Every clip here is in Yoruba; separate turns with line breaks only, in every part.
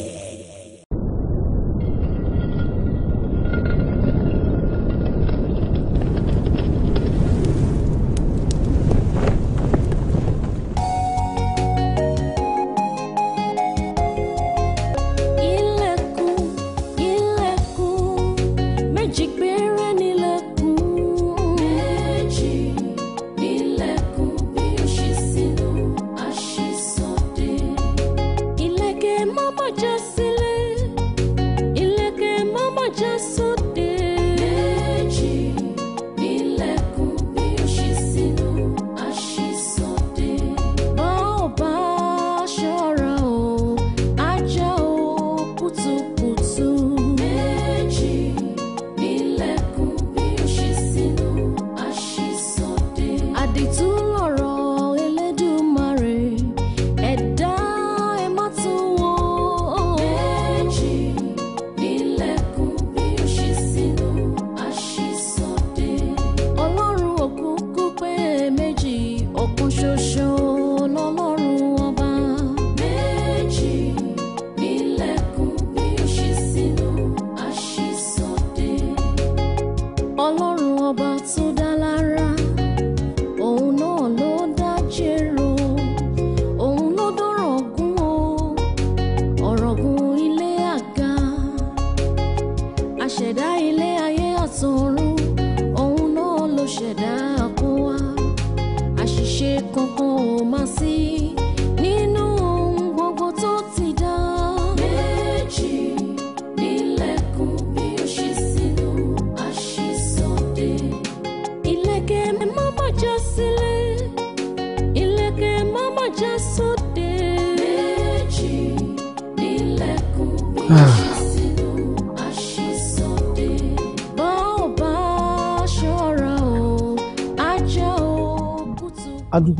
Eh.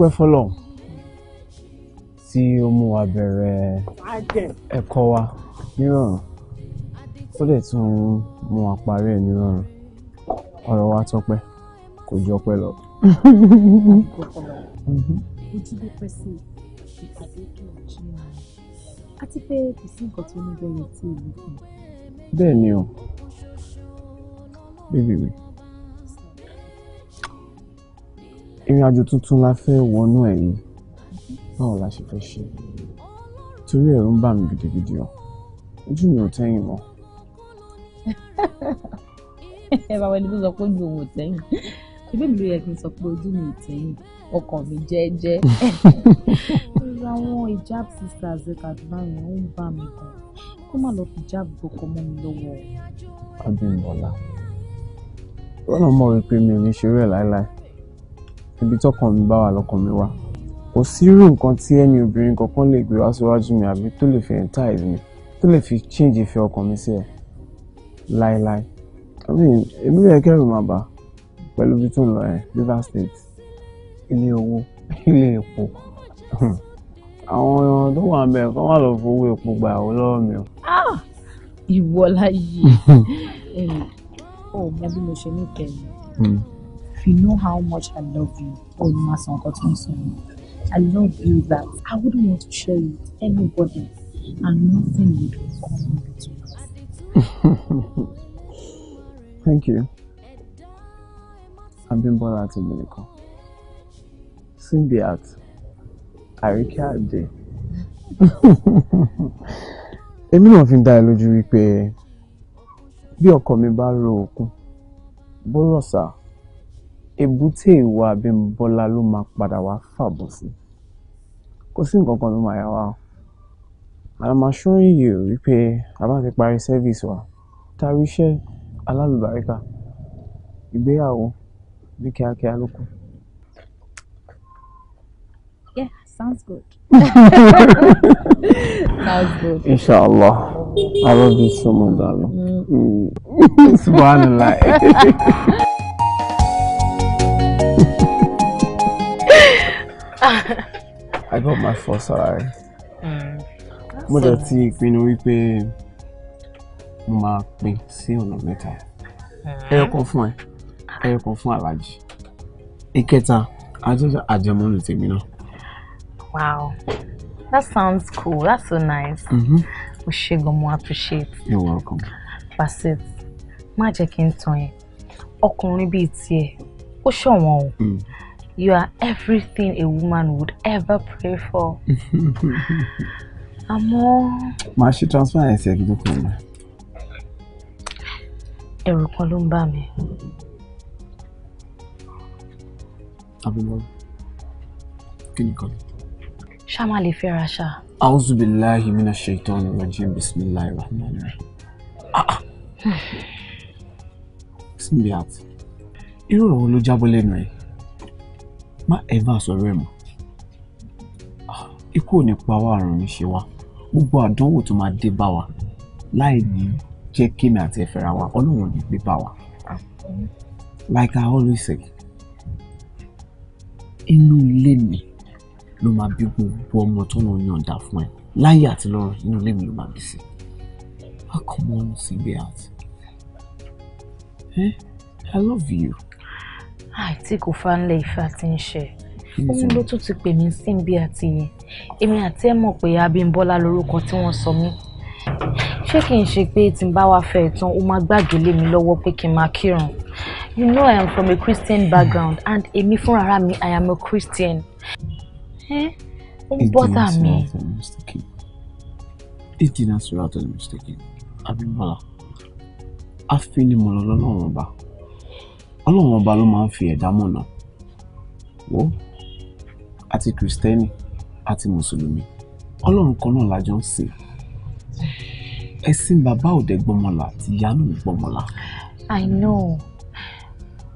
dúpẹ́ fọlọ́ tí ó mú wa bẹ̀rẹ̀ ẹ̀kọ́ wa nírọ̀rùn ó lè tún mú wa parí ẹ̀ nírọ̀rùn ọ̀rọ̀ wa tọ́pẹ́ kò jọ pẹ́ lọ. ojú dúpẹ́ sí ìpàdé tó ń jí àti pé kò sí nǹkan tó ní bẹ́ẹ̀ tí èmi fún.
bẹ́ẹ̀ ni o bíbí mi. ìrìn àjò tuntun la fẹ́ wọnú ẹ̀ yìí báwo la ṣe fẹ́ ṣe torí ẹ̀rù ń bà mí gidigidi o
ojú mi ò tẹ́yìn mọ́. ẹ bá wẹni tó sọ pé ojú òun ò tẹ́yìn ibi mi ló yẹ kí n sọ pé ojú mi ò tẹ́yìn ọkàn mi jẹ́ẹ́jẹ́ àwọn hijab sisters ẹ̀ kàdúrà yẹn ń bà mí gan kó má lọ fi hijab gbọ́kọ̀ mọ́ mi lọ́wọ́. Abímbọ́lá wọn náà mọ̀ wípé mi ò ní ṣeré ẹ̀ láéláé ibi tọkàn mi bá wà lọkàn mi wà
kò sí irú nǹkan tí ẹni obìnrin kankan lè gbé wá síwájú mi àbí tó lè fi entice mi tó lè fi change ìfẹ́ ọkàn mi sí ẹ láéláé i mean èmi rẹ kẹrù máa bà pẹ̀lú bí tó ń lọ ẹ Rivers State ilé owó ilé
epo àwọn èèyàn tó wà bẹ́ẹ̀ kọ́ wà lọ fowó epo gbà ó lọ́wọ́ mi o. Ah! ìwọ láyé ò mọ bí mo ṣe ní kẹyìn if you know how much I love you, Oluma Sankotonson, I love you that I wouldn't want to share it with anybody and nothing would come between us. Thank you. Abimbola the Symbiote. Àríkẹ́ Àdé.
Èmi náà fi ń dá ẹ lójú wípé bí ọkọ mi bá ro òkun, bó rọ̀ sáà èbúté ìwà Abímbọ́lá ló máa padà wá fàbọ̀ sí kò sí nǹkan kan tó máa yà wá o and i'm assuring you wípé a bá ti parí service wa tari iṣẹ́ alálùbáríkà ìgbéyàwó ní kíákíá ló kù.
Yeah, sounds good.
sounds good. Inshallah.
I love you so much, darling. Mm. Mm.
I
got my first salary. Mm. Mo jẹ́ ti ìpinnu wípé mo máa pín sí ọ̀nà mẹ́ta. Mm. Ẹyọ kan fún ẹ, ẹyọ kan fún Aláàjì. Ìkẹta, àjọjọ àjẹmọ́nù tèmi náà.
Wow, that sounds cool, that's so nice. Mm-hmm. O ṣe
gan mo appreciate. You're welcome. Basit, má jẹ́ kí n tàn yẹn. Ọkùnrin bíi tiẹ̀, ó ṣọ̀wọ́n o. Mm. You are everything a woman would ever pray for. Amo. Ma ṣe transfer ẹ̀sẹ̀ kí ló kàn mí.
Ẹ̀rù kan ló ń bà mí.
Abimọ́lá, kí ni kan?
Ṣá máa lè fẹ́ra ṣá.
Auzu billahi mina shaitan rajim bismillahi rahman rahim. Simbi ah, ah. hmm. àti irú ìrànwọ́ ló jábọ́ lẹ́nu ẹ̀ má ẹ̀fà sọ̀rọ̀ ẹ̀ mọ́ ah, ikú ò ní pa wá àrùn ní ṣe wá gbogbo àdánwò tó máa dé bá wa láì ní jẹ́ kémi àti ẹ̀fẹ́ra wa ọlọ́run ò ní gbé bá wa like I always say inú ilé mi ló máa bí gbogbo ọmọ tó lọ yànda fún ẹ láyé àti lọ́run inú ilé mi ló máa bí sí i how come on see àti. Eh? I love you
àìtí kò fa ńlẹ̀ ìfẹ́ àti ń ṣe òun ló tún ti pè mí síbi àti yẹn èmi àti ẹ mọ̀ pé Abímbọ́lá lorúkọ tí wọ́n sọ mí ṣé kì í ṣe pé tí n bá wá fẹ́ tán ó máa gbàgbé lé mi lọ́wọ́ pé kí n máa kírun
you know I am from a Christian background and èmi fúnra mi I am a Christian
ó ń bọ́tà mi.
eighteen as well as mistaken Abímbọ́lá afinimu lọ́lọ́run ọba ọlọ́run ọba ló máa ń fi ẹ̀dá mọ̀nà wò àti kìrìsìtẹ́nì àti mùsùlùmí ọlọ́run kan náà lájọ ń sè ẹ̀sìn bàbá òde gbọmọlà àti ìyanu gbọmọlà.
I know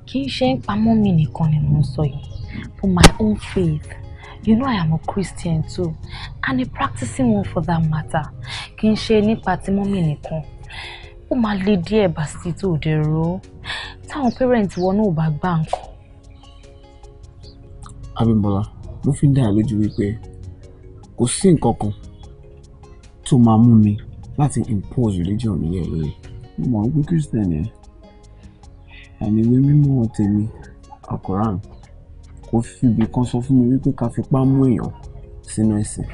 kì í ṣe ń pamọ́ mi nìkan ni mo sọ yìí for my own faith you know I am a Christian too and a practicing one for that matter kì í ṣe
nípa ti mọ́mì nìkan ó máa le díẹ̀ bá sí tó dẹ̀ rò táwọn parents wọn náà bá gbà nǹkan. Abímbọ́lá mo fi ń dá lójú wípé kò sí nǹkan kan tó máa mú mi láti impose religion mi yẹn lórí. mo mọ̀ wípé Christian yẹn ẹni ìwé mímọ́ tèmi akoran kò fìbí kan sọ fún mi wípé ká fipá mú èèyàn sínú ẹ̀sìn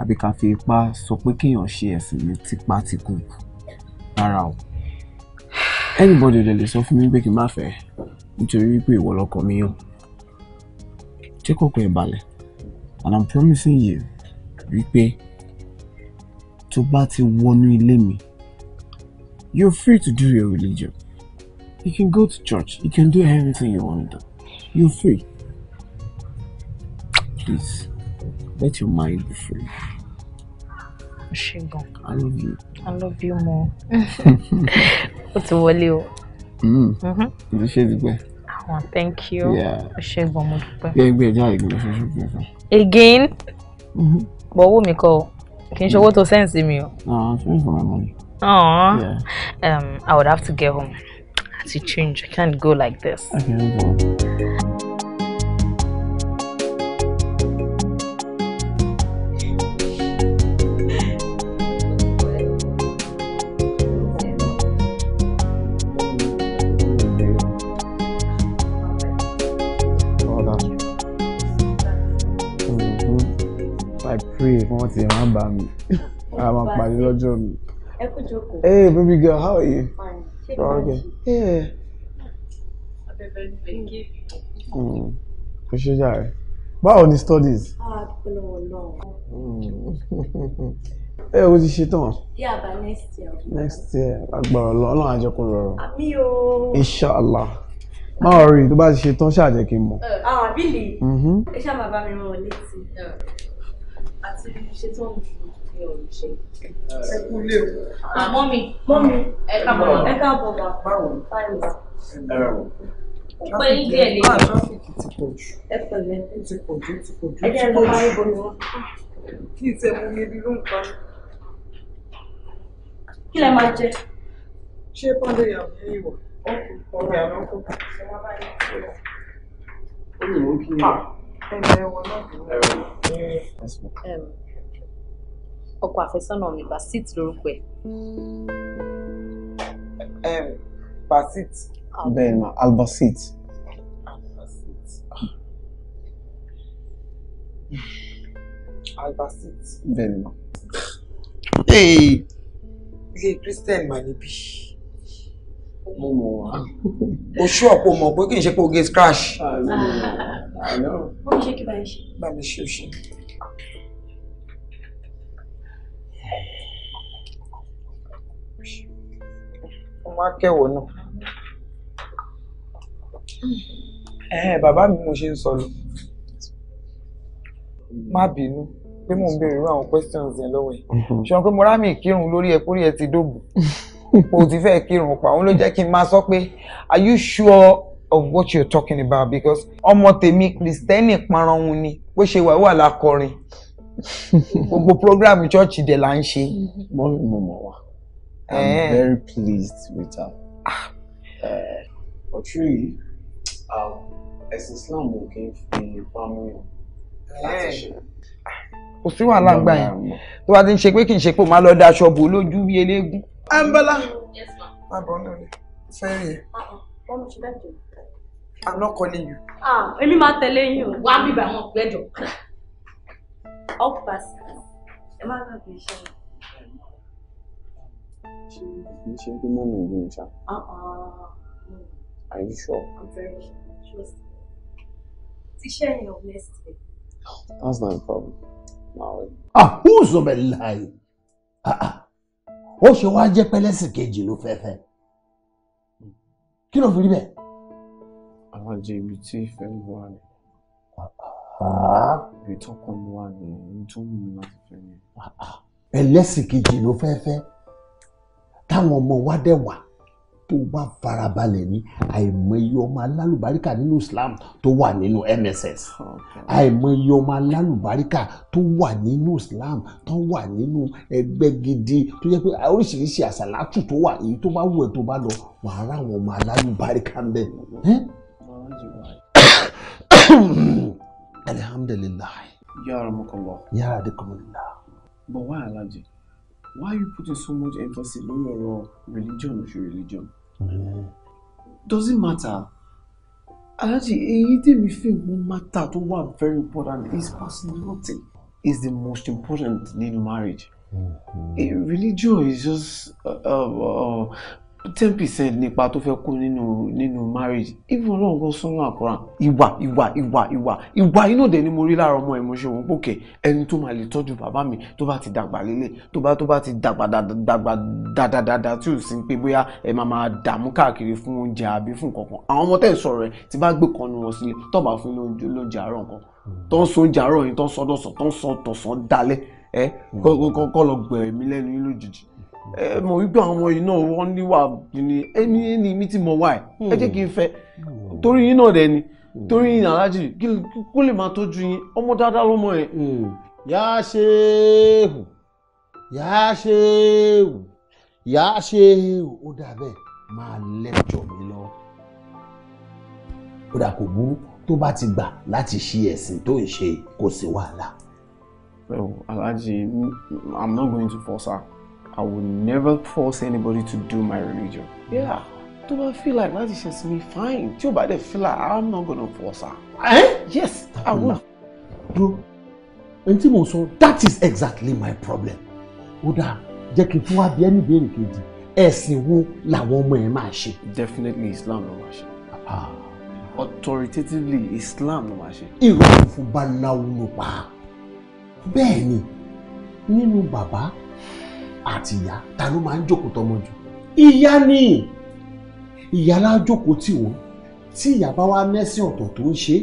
àbí ká fi ipá sọ pé kéèyàn ṣe ẹ̀sìn mi tipátìkù rárá o anybody dẹ̀ lè sọ fún mi pé kí n má fẹ́ nítorí pé ìwọ lọkọ mi yàn jẹ́ kọ́kọ́ ẹ̀ balẹ̀ and i'm promising you wípé tó bá ti wọnú ilé mi you're free to do your religion you can go to church you can do everything you want to do you're free please let your mind be free. Ṣẹ́gun. I love you. I love you more. ó ti wọlé o. Mm. Mm-hmm. o ti ṣe dúpẹ́. àwọn thank you ó ṣe gbọ́n mo dúpẹ́. gbé gbé ẹja ìgbìmọ̀ ṣoṣo gbé fún.
again mm-hmm. bọ̀ owó mi kọ́ o kì í ṣe owó tó sẹ́ǹsì mi o.
Ah,
my money. Aww.
Yeah. Um, I would have to get home to change. I can't go like this.
Okay, no
máa pàdé lọ́jọ́ mi.
ẹ kú jókòó. hey baby girl how are you. fine ṣé kò ní ṣe. abẹ́bẹ́ ti gé
mi. kò ṣe jàre báwo ni studies.
ah pẹ̀lú Ọlọ́run.
ẹ mm. o ti ṣe tán.
yeah by next year.
next year agbára Ọlọ́run àjẹkù rọrùn.
àmì o. inshallah
máa rí i tó bá ti ṣe tán ṣáà jẹ́ kí n mọ̀. àbílì ah, mm-hmm. ẹ ṣáà máa mi rán ọ létí àti ṣetán ju ní olùṣe. ẹ kú
lé o. àmọ́ mi mọ́mi ẹ káàbọ̀ ẹ káàbọ̀ bá báwo báyìí bá.
ẹ rà
o. pé díẹ̀ lè. báà tráfíkì ti pọ̀ jù. ẹ pẹ̀lẹ́. ó ti pọ̀ jù ó ti pọ̀ jù. ẹ jẹ́ lọ máa ń bọ̀ lọ. kí n tẹ mú mi bí ló ń pa kí lẹ máa jẹ. ṣé pọ́ndé yà mí ìwọ̀ ọkùnrin ọ̀rẹ́ àlọ́kùnrin. ó lè mú kí n
ọkọ àfẹ́sọ́nà mi basit lórúkọ
ẹ̀. basit. bẹ́ẹ̀ na albasit. albasit. bẹ́ẹ̀ ni. ilé christian mà níbí mo mọ̀ wá. oṣù ọ̀pọ̀ mọ̀ pé kì í ṣe pé o gé scratch. Ah,
àná. ó ń ṣe kí báyìí ṣe.
bá mi ṣe ṣe. ọmọ akẹ́wọ̀ náà. ẹ̀hẹ́n bàbá mi mo ṣe ń sọ lọ. má bínú pé mò ń béèrè irú àwọn questions yẹn lọ́wọ́ ẹ̀. Mhm. ṣùgbọ́n pé mo rámì kírun lórí ẹ kórìí ẹ ti dóògùn. o ti fẹ́ kírun pa òun ló jẹ́ kí n máa sọ pé are you sure of what you're talking about because ọmọ tèmi kristẹni parahun ni bó ṣe wà wà lákọrin gbogbo program church dẹ̀ là ń ṣe. mọ́mí mo mọ̀ wá i'm eh. very pleased with her. Ah. Eh, ọ̀tún yìí um, ẹ̀sìn Islam ò kí n fi ipá mú yàn láti eh. ṣe kò sí wàhálà gbà yẹn tó bá ti ń ṣe pé kì í ṣe pé ó máa lọ da aṣọ bò lójú bí eléégún. Ambala. Yes ma. Má bọ̀ ọ́ náà fẹ́ẹ́ rí ẹ. ṣe bẹ́ẹ̀ tó. I'm not calling you. Ah, èmi máa tẹ̀lé yín o. Wá bíbá àwọn ọ̀gbẹ́jọ.
Up pass. Ẹ má gbàgbé iṣẹ́ mi. Ṣé
kìí ṣe pé mọ́mí ìlú ah. ṣá?
Uh-uh. Are you sure? I'm very sure. Ti ṣe yẹn o next day.
That's not a problem. Ah, who's Àhúzọ bẹ̀ ah. Ó ṣe wá jẹ́ pẹ́lẹ́sì kejì ló fẹ́ fẹ́. Kí ló fi rí bẹ́ẹ̀? alájẹ ibi tí ìfẹ́ mi wà ní. ibi tọkàn mi wà ní ibi tó mú mi láti fẹ́ mi. ẹlẹ́sìn kejì ló fẹ́ fẹ́ táwọn ọmọ wa dẹ̀ wà tó bá farabalẹ̀ ní àìmọye ọmọ alálùbáríkà nínú Islam tó wà nínú MSS àìmọye ọmọ alálùbáríkà tó wà nínú Islam tó wà nínú ẹgbẹ́ gidi tó jẹ́ pé oríṣiríṣi àṣàlátù tó wà èyí tó bá wù ẹ́ tó bá lọ wàá ráwọn ọmọ alálùbáríkà ń bẹ. Alhamdulillah. Ya Ramakallah. Ya But why Alhaji? Why are you putting so much emphasis on your religion or your religion? Mm. Doesn't matter. Alhaji, anything tèmi fi will matter tó wà very important is personality. Is the most important in marriage. Mm-hmm. religion is just uh, uh, uh ten percent nípa tó fẹ́ kó nínú nínú marriage even ọlọ́run kan sọ́nà àkọ́rà ìwà ìwà ìwà ìwà ìwà inú òde ni mo rí lára ọmọ ìmọ̀ṣẹ́ òun pòkè ẹni tó máa lè tọ́jú bàbá mi tó bá ti dàgbà lélẹ̀ tó bá tó bá ti dàgbà dàgbà dàdàdàdà tí ò sí pé bóyá ẹ máa máa dààmú káàkiri fún oúnjẹ àbí fún kankan àwọn ọmọ tẹ̀ ń sọ̀rọ̀ ẹ̀ tí bá gbé kan nu wọn sílẹ̀ tó bá fún lóúnjẹ àárọ̀ nǹkan tó ń so oúnjẹ àárọ̀ yìí tó ẹ mọ̀ wípé àwọn iná wọn níwà ní ẹni ẹni mi ti mọ̀ wá ẹ jẹ́ kí n fẹ́ torí yín náà dẹ̀ ni torí yín aláàjì kó lè máa tọ́jú yín ọmọ dáadáa lọ́mọ ẹ̀. Hmm. yá ṣe hù yá ṣe hù yá ṣe hù ó dà bẹ́ẹ̀ máa lẹ́jọ̀ mi lọ. ó dà kò burú tó bá ti gbà láti ṣe ẹ̀sìn tó ń ṣe kò sí wàhálà. well aláàjì i'm not going to force her. I will never force anybody to do my religion. Yeah, do I feel like that is just me? fine. Tí o bá feel like I'm not gonna force her. Eh? Yes, I will. Bro, ẹni tí mo sọ that is exactly my problem. Ó dáa, jẹ́ kí n fún wa bí ẹni béèrè kejì. Ẹ̀sìn wo Definitely Islam ló máa ṣe. Ah. Authoritatively Islam ló máa ṣe. Ìrọ̀rùn fún Báláwo ló pa. Bẹ́ẹ̀ni, nínú bàbá àti ìyá ta ló máa ń jókòó tọmọ jù ìyá ni ìyá la jókòó tì wọ́n tí ìyá bá wá mẹ́sìn ọ̀tọ̀ tó ń ṣe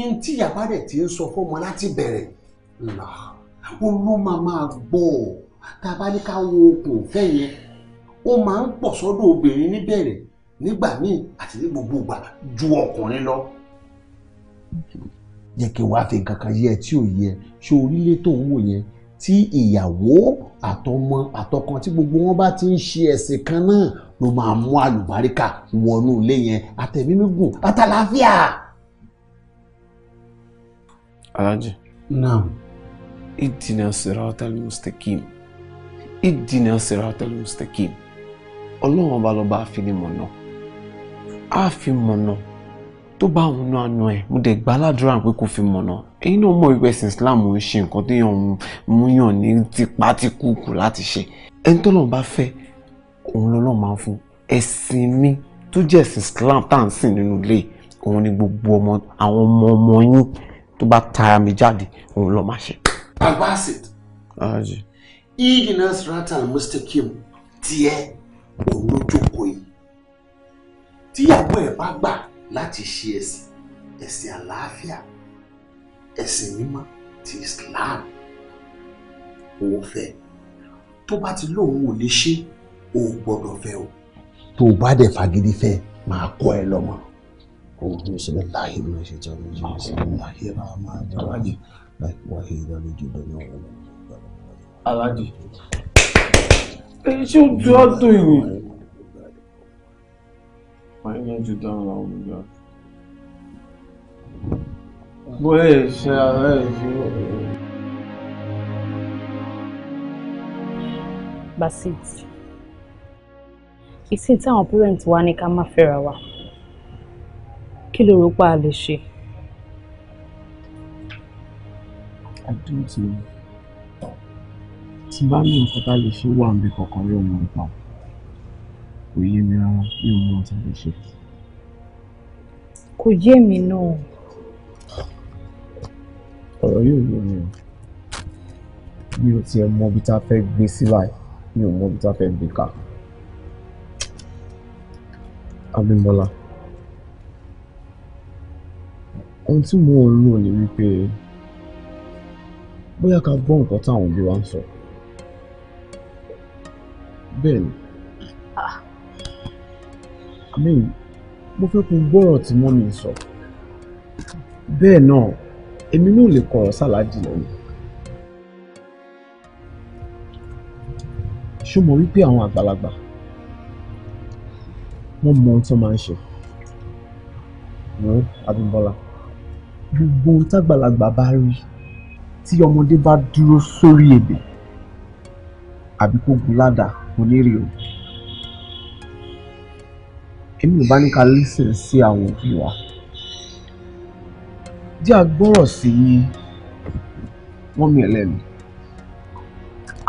in tí ìyá bá dẹ̀ ti ń sọ fọ́mọ láti bẹ̀rẹ̀ là ó ló máa máa gbọ́ ọ tá bá ní ká wo okùn òfẹ́ yẹn ó máa ń pọ̀ sọ́dọ̀ obìnrin níbẹ̀rẹ̀ nígbà míì àti ní gbogbo ìgbà ju ọkùnrin lọ jẹ́ kí wàá fi nǹkan kan yẹ tí ò yẹ ṣé orílẹ̀ tó ń wò yẹn tí ìyàwó àtọmọ àtọkàn tí gbogbo wọn bá ti ń ṣe ẹ̀sìn kan náà ló máa mú
àlùbáríkà wọnú ilé yẹn àtẹ̀mímígùn
àtàlàáfíà.
alhaji. naam. ìdìnnà siratal
mustaqim ìdìnnà siratal mustaqim ọlọ́run ọba lọ́ba àfinimọ̀nà àfimọ̀nà tó bá òun náà nù ẹ̀ mo dẹ̀ gbà ládùúrà pé kò fi mọ̀nà ẹ̀yin náà mọ̀ wípé ẹ̀sìn Islam ń ṣe nǹkan tó yàn mú yàn ní tipátikùkù láti ṣe ẹni tó lọ́n bá fẹ́ òun lọ́lọ́run máa ń fún ẹ̀sìn mi tó jẹ́ ẹ̀sìn Islam tá à ń sìn nínú ilé òun ni gbogbo ọmọ àwọn ọmọ ọmọ yín tó bá tara mi jáde òun ló máa ṣe. abbasid idinas ratan mustakim tiẹ òun ló jókòó yìí tíyàwó ẹ bá gbà láti ṣe ẹ̀sìn ẹ̀sìn àlàáfíà ẹ̀sìn mímọ́ ti Islam òun fẹ́ tó bá ti lóun ò lè ṣe o gbọ́dọ̀ fẹ́ o tó o bá dẹ̀ fagídí fẹ́ máa kọ́ ẹ lọ́mọ. òun ló ṣe bẹ́ẹ̀ láàyè ló ṣe jẹ́ lójú ẹsẹ̀ láàyè rà máa jẹ́ wájú láì wáyé ìdá lójú lọ́nà ọ̀rọ̀ mi. aláàjì èyí ṣé o tún á ìwé.
wàá yẹn ju dáhùn àwọn ọmọ bóyá ìṣe ara ìfi.
Basit ìsìn táwọn parent wa ní ká má fẹ́ra wa kí ló rò pa a lè ṣe. I don't know tí bá ní nǹkan tá a lè ṣe wà níbi kankan yóò mọ nípa kò yé mi rárá yóò mọ ohun tá a lè ṣe. kò yé mi náà. No ọ̀rọ̀ yóò yé mi o mi ò tiẹ̀ mọ ibi tá a fẹ́ gbé sílà mi ò mọ ibi tá a fẹ́ gbé ká. Abímbọ́lá ohun tí mo ń rò ni wípé bóyá ká gbọ́ nǹkan táwọn òbí wa ń sọ bẹ́ẹ̀ ni mo fẹ́ kó gbọ́rọ̀ tí mọ́mí ń sọ bẹ́ẹ̀ náà èmi náà lè kọ̀rọ̀ sàlájì lẹ́nu. ṣó mọ̀ wípé àwọn àgbàlagbà wọ́n mọ ohun tó máa ń ṣe ní Abímbọ́lá gbogbo ohun tágbàlagbà bá rí tí ọmọdé bá dúró sórí ebè àbí kó gun ládàá onírè o èmi ò bá ní ká lísìn sí àwọn òbí wa jẹ́ agbọ́rọ̀ sí yín wọ́n mi ẹlẹ́nu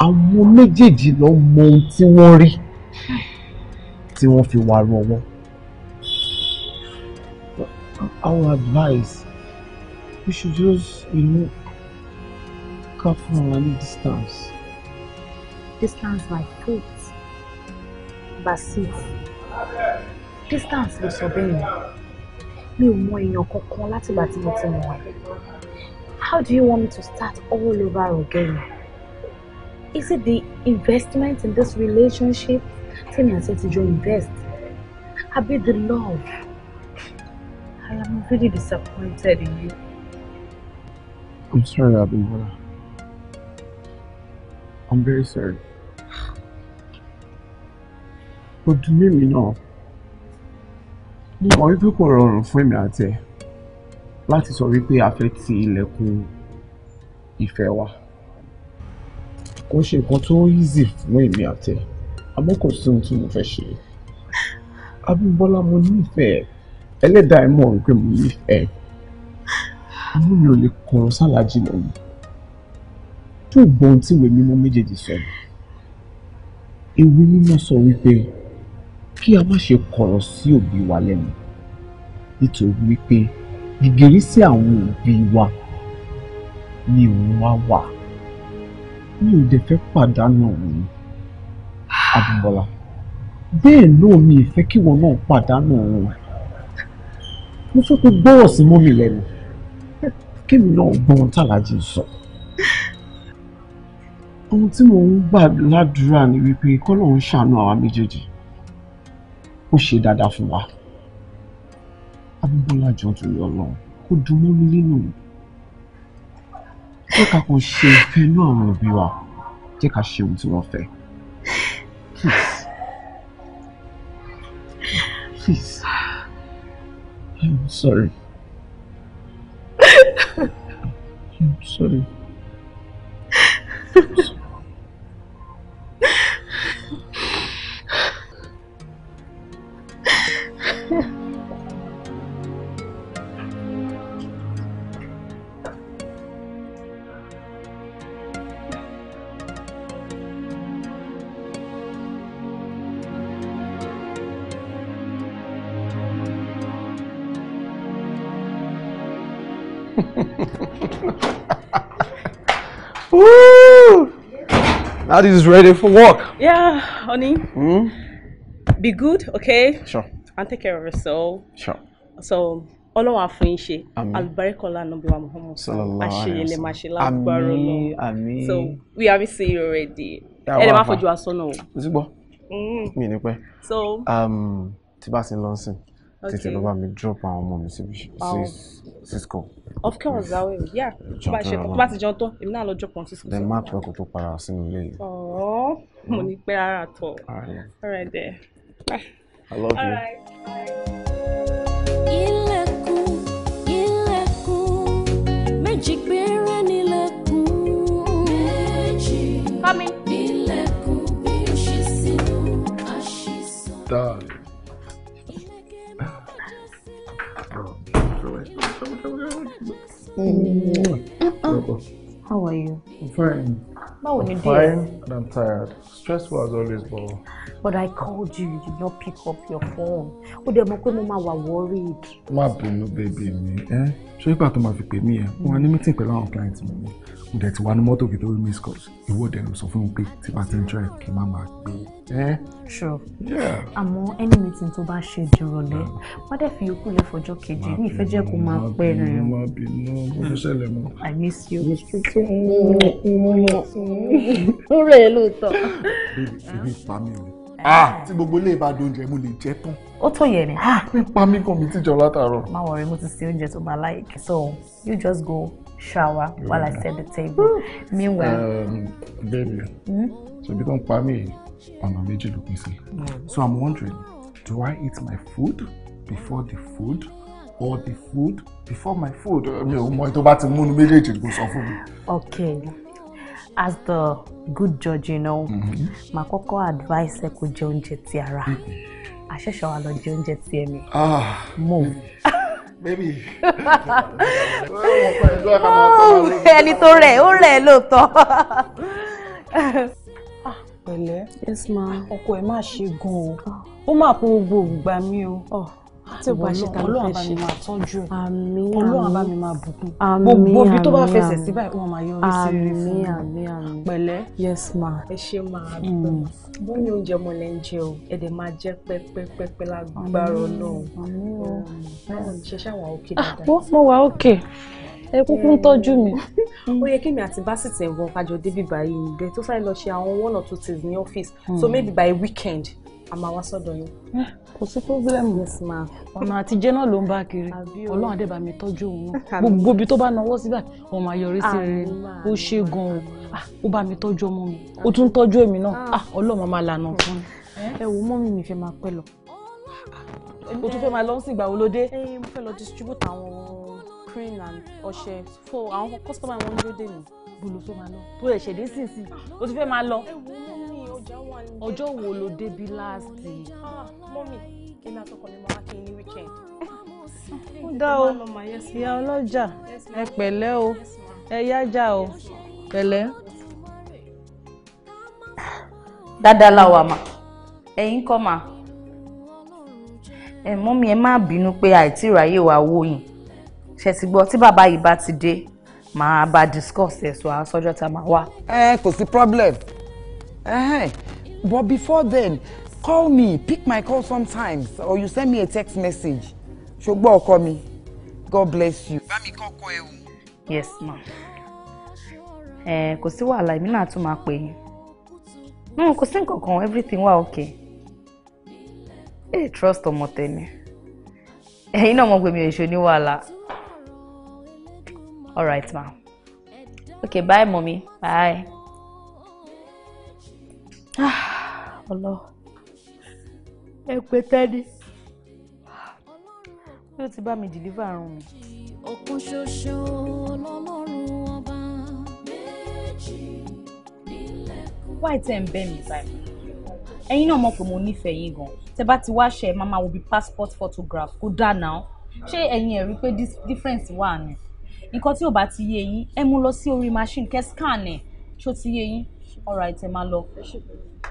àwọn méjèèjì ló mọ ohun tí wọ́n rí tí wọ́n fi wá rọ wọ́n our advice we should just you know ká fún ara ní distance. distance by foot Basil distance lè sọ bẹ́ẹ̀ mi ò mọ èèyàn kankan látìgbà tí mo ti mọ̀ ẹ́ how do you want me to start all over again is it the investment in this relationship tèmi àti ẹ ti jọ invest àbí the love I am really disappointed in you. I'm sorry, Abimbola. Uh, I'm very sorry. But do you mean me mo mọ̀ wípé kò rọrùn fún èmi àti ẹ̀ láti sọ wípé a fẹ́ ti ilẹ̀kùn ìfẹ́ wa kò ṣe nǹkan tó easy fún èmi àti ẹ̀ àmọ́ kò sí ohun tí mo fẹ́ ṣe Abímbọ́lá mo nífẹ̀ẹ́ ẹlẹ́dàá ẹ̀ mọ̀ wípé mo nífẹ̀ẹ́ inú mi ò lè kọ̀rọ̀ sálàjì lọ́wọ́ tó gbọ́n tí ìwé mímọ́ méjèèjì sọ ìwé mímọ́ sọ wípé kí a má ṣe kọ̀rọ̀ sí òbí wa lẹ́nu nítorí wípé gìgìrí sí àwọn òbí wa ni òun wá wà mi ò dẹ̀ fẹ́ pàdánù òun Abímbọ́lá bẹ́ẹ̀ náà mi ì fẹ́ kí wọn náà pàdánù òun mo fẹ́ kó gbọ́rọ̀ sí mọ́ mi lẹ́nu kémi náà gbọ́ ohun tàlájì sọ ohun tí mò ń gbà ládùúrà ni wípé kọ́lọ́run ṣàánú àwa méjèèjì ó ṣe dáadáa fún wa abímbọ́lá jọ tó yọ ọlọ́run kó dùn mọ́ mi nínú jẹ́ ká kàn ṣe ìfẹ́ inú àwọn òbí wa jẹ́ ká ṣe ohun tí wọ́n fẹ́ please please I'm sorry
I'm sorry.
Addy is ready for work. Yeah, honey. Mm? Be good, okay? Sure. And take care of yourself. Sure. So, ọlọ́run àfún yín ṣe alùbáríkọ̀lá nàbí wa muhammad àṣeyẹlẹ màṣẹ lágbára lọ so we have see you already ẹ lè má fojú wa sọ́nà o. o ti gbọ́ mm. mi ni tètè lọ mi drop àwọn ọmọ mi síbi sí of course awo yà tó bá ṣe tó bá ti jẹun tán èmi náà lọ drop wọn sí school. then má pẹ́ tó para sínú ilé yìí. ọ̀ọ́ mo ní pẹ́ ara tọ̀ all right there. I love you. Mm-hmm. How are you? I'm fine. How are you fine and I'm tired. Stressful as always, but. But I called you, you did not pick up your phone. Ó dẹ̀ mọ̀ mama were worried. My baby, bèbè mi, ẹ́ eh? ṣé ìgbà tó máa fi pè mí ẹ̀? Mo wà ní mítìn pẹ̀lú àwọn clients mi dẹ̀ ti wá ní mọ́tò kí tó rí miss calls ìwọ ló sọ fún mi pé tí bá ti ń drive kí má máa gbé sure àmọ́ any meeting
tó bá ṣe dìrọ̀lẹ́ ah. wọ́n dẹ̀ fi yòókù lẹ̀ fọjọ́ kejì ní ìfẹ́ jẹ́ kó máa pẹ́ rẹ̀.
má bínú mo ló ṣẹlẹ̀ mọ́.
i miss you. ó rẹ̀ ẹ́ lóòótọ́.
bébí pa mí o ah. Ah, tí gbogbo ilé ìbá dóúnjẹ mo lè jẹ tán. ó tó yẹ ni. pípa mi kàn mí tíjọ látàárọ̀. má wọrí mo ti ṣe oúnjẹ tó máa láyè so
you just go shower yeah. while I set the table. Meanwhile,
um, baby, hmm? so become pami on a major look see. So I'm wondering, do I eat my food before the food, or the food before my food? Mi ò mọ̀ tó bá ti múnú méjèèjì kò sọ Okay, as the good judge you know, mm-hmm. màá kọ́kọ́ advice ẹ kó tiara, oúnjẹ ti ara. Àṣẹ̀ṣẹ̀ mm-hmm. wa lọ ah, Move bẹ́ẹ̀ni oh, ẹni tó rẹ̀ ó rẹ̀ lóòótọ́. pẹ̀lẹ́ ọkọ ẹ̀ máa ṣe gan o ó máa kó gbogbo ìgbà mi o. Oh. Ah, tí o bá ṣe tàbí fẹ́ ṣe ọlọ́run bá mi máa tọ́jú ẹ̀ ọlọ́run bá mi máa bùkún gbogbo ibi tó bá fẹsẹ̀ sí báyìí wọ́n máa yọrí sí rere fún mi pẹ̀lẹ́ yes ma. ẹ ṣe máa dùn bó ní oúnjẹ ọmọ lẹ́ ń jẹ o ẹ dẹ̀ máa jẹ́ pẹ́pẹ́pẹ́pẹ́ lágbára ọlọ́run hmm. báwo ni ṣe ṣàwọn òkè dáadáa.
Ah, mo wà òkè
ẹ kúkú ń tọ́jú mi. Hmm. ó yẹ kí mi àti Basit ẹ̀gbọ́n kájọ débi báyìí ìgbẹ́ tó fẹ́ lọ ṣe àwọn one or two things ní ọ́fíìsì so hmm. maybe by weekend a máa wá sọ́dọ̀ yín. kò sí pọ́blẹ́mù. yes ma. ọ̀nà àtijẹ́ náà ló ń bá kiri ọlọ́run àdébà mi tọ́jú òun gbogbo ibi tó bá náwó síbà wọ́n máa yọrí sí rere ó ṣe gan-an ah, ó bá mi tọ́jú ọmọ mi ó tún tọ́jú èmi náà ah. Ah, ọlọ́run máa lànà fún mi. ẹ wo mọ́mì mi fẹ́ máa pẹ́ lọ. o tún fẹ́ máa lọ sí ìgbà wo ló dé. mo fẹ́ lọ distribute àwọn cream and ọṣẹ For àwọn customer wọn ló dé mi. bolo tó máa lọ tó ẹ̀ṣẹ̀ dé sínsìn o tún fẹ́
ọjọ́ wo ló
débi last day.
Ah, mọ́mì
èmi àtọkọ mi máa kí n weekend. ó dá o ìyá ọlọ́jà ẹ pẹ̀lẹ́ o ẹ yájà o pẹ̀lẹ́. dáadáa la wà mà ẹ̀yin kọ́ mà ẹ̀ mọ́mì ẹ má bínú pé àìtí ìráyè wa wò yín ṣe ti gbọ́ tí bàbá yìí bá ti dé màá bá discuss ẹ̀ sọ àsọjọ́ tá a máa wá. ẹ kò sí problem Uh-huh. But before then, call me, pick my call sometimes, or you send me a text message. Ṣùgbọ́n call me? God bless you. Yes, ma'am. Ẹ kò sí wàhálà èmi náà tún máa pè yín. No, kò sí nǹkan kan, everything wa okay. Ẹ trust ọmọ tẹ̀mí. Ẹ̀yin náà mọ̀ pé mi ò ṣe ní wàhálà. All right, ma'am. Okay, bye, mommy. Bye.
Ah, ọlọ ẹ pé tẹ́lí
bí ó ti bá mi dìlífà àrùn mi. ọ̀kan
ṣoṣo lọ́lọ́run ọba méjì nílẹ̀kùn.
wáì tẹ́ ń bẹ́ mi báyìí ẹ̀yin náà mọ̀ pé mo nífẹ̀ẹ́ yín gan tẹ́ bá ti wá ṣe mama will be passport photograph kó dà náà ṣé ẹ̀yin ẹ̀ rí pé difference wà ní nǹkan tí ò bá ti yé yín ẹ mú lọ sí orí machine kẹ́ scan ẹ̀ ṣó ti yé yín all right ẹ máa lọ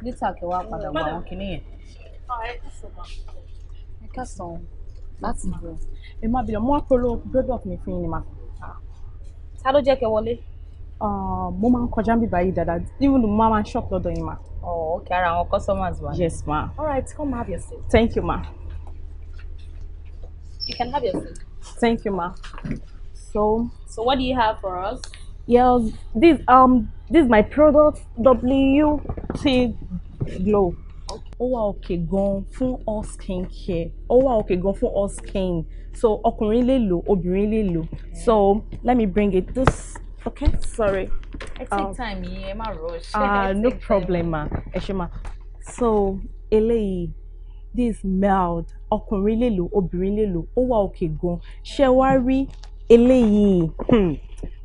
lítà kẹwàá padà wọ àwọn kinní yẹn.
ẹ
kẹsàn án láti bọ ẹ má bìrọ mo wá polo product mi fún yín ni ma. ta ló jẹ́ kẹ́ wọlé. Ah, mo máa ń kọjá ń bíbá dáadáa even though mo máa ń shop lọ́dọ̀ yín ma. oh okay ara àwọn customers wa. yes ma. all right come have your seat. thank you ma. you can have your seat. thank you ma. so.
so what do you have for us.
Yeah, this um this is my product WT Glow ó wà òkè gan fún all skin care ó wà òkè gan fún all skin so ọkùnrin lè lò obìnrin lè lò so let me bring it this okay sorry. ẹ take um, time yìí ẹ má rush. ah no problem ma ẹ ṣe ma so eléyìí this mild ọkùnrin lè lò obìnrin lè lò ó wà òkè gan ṣé wàá rí eléyìí. Hmm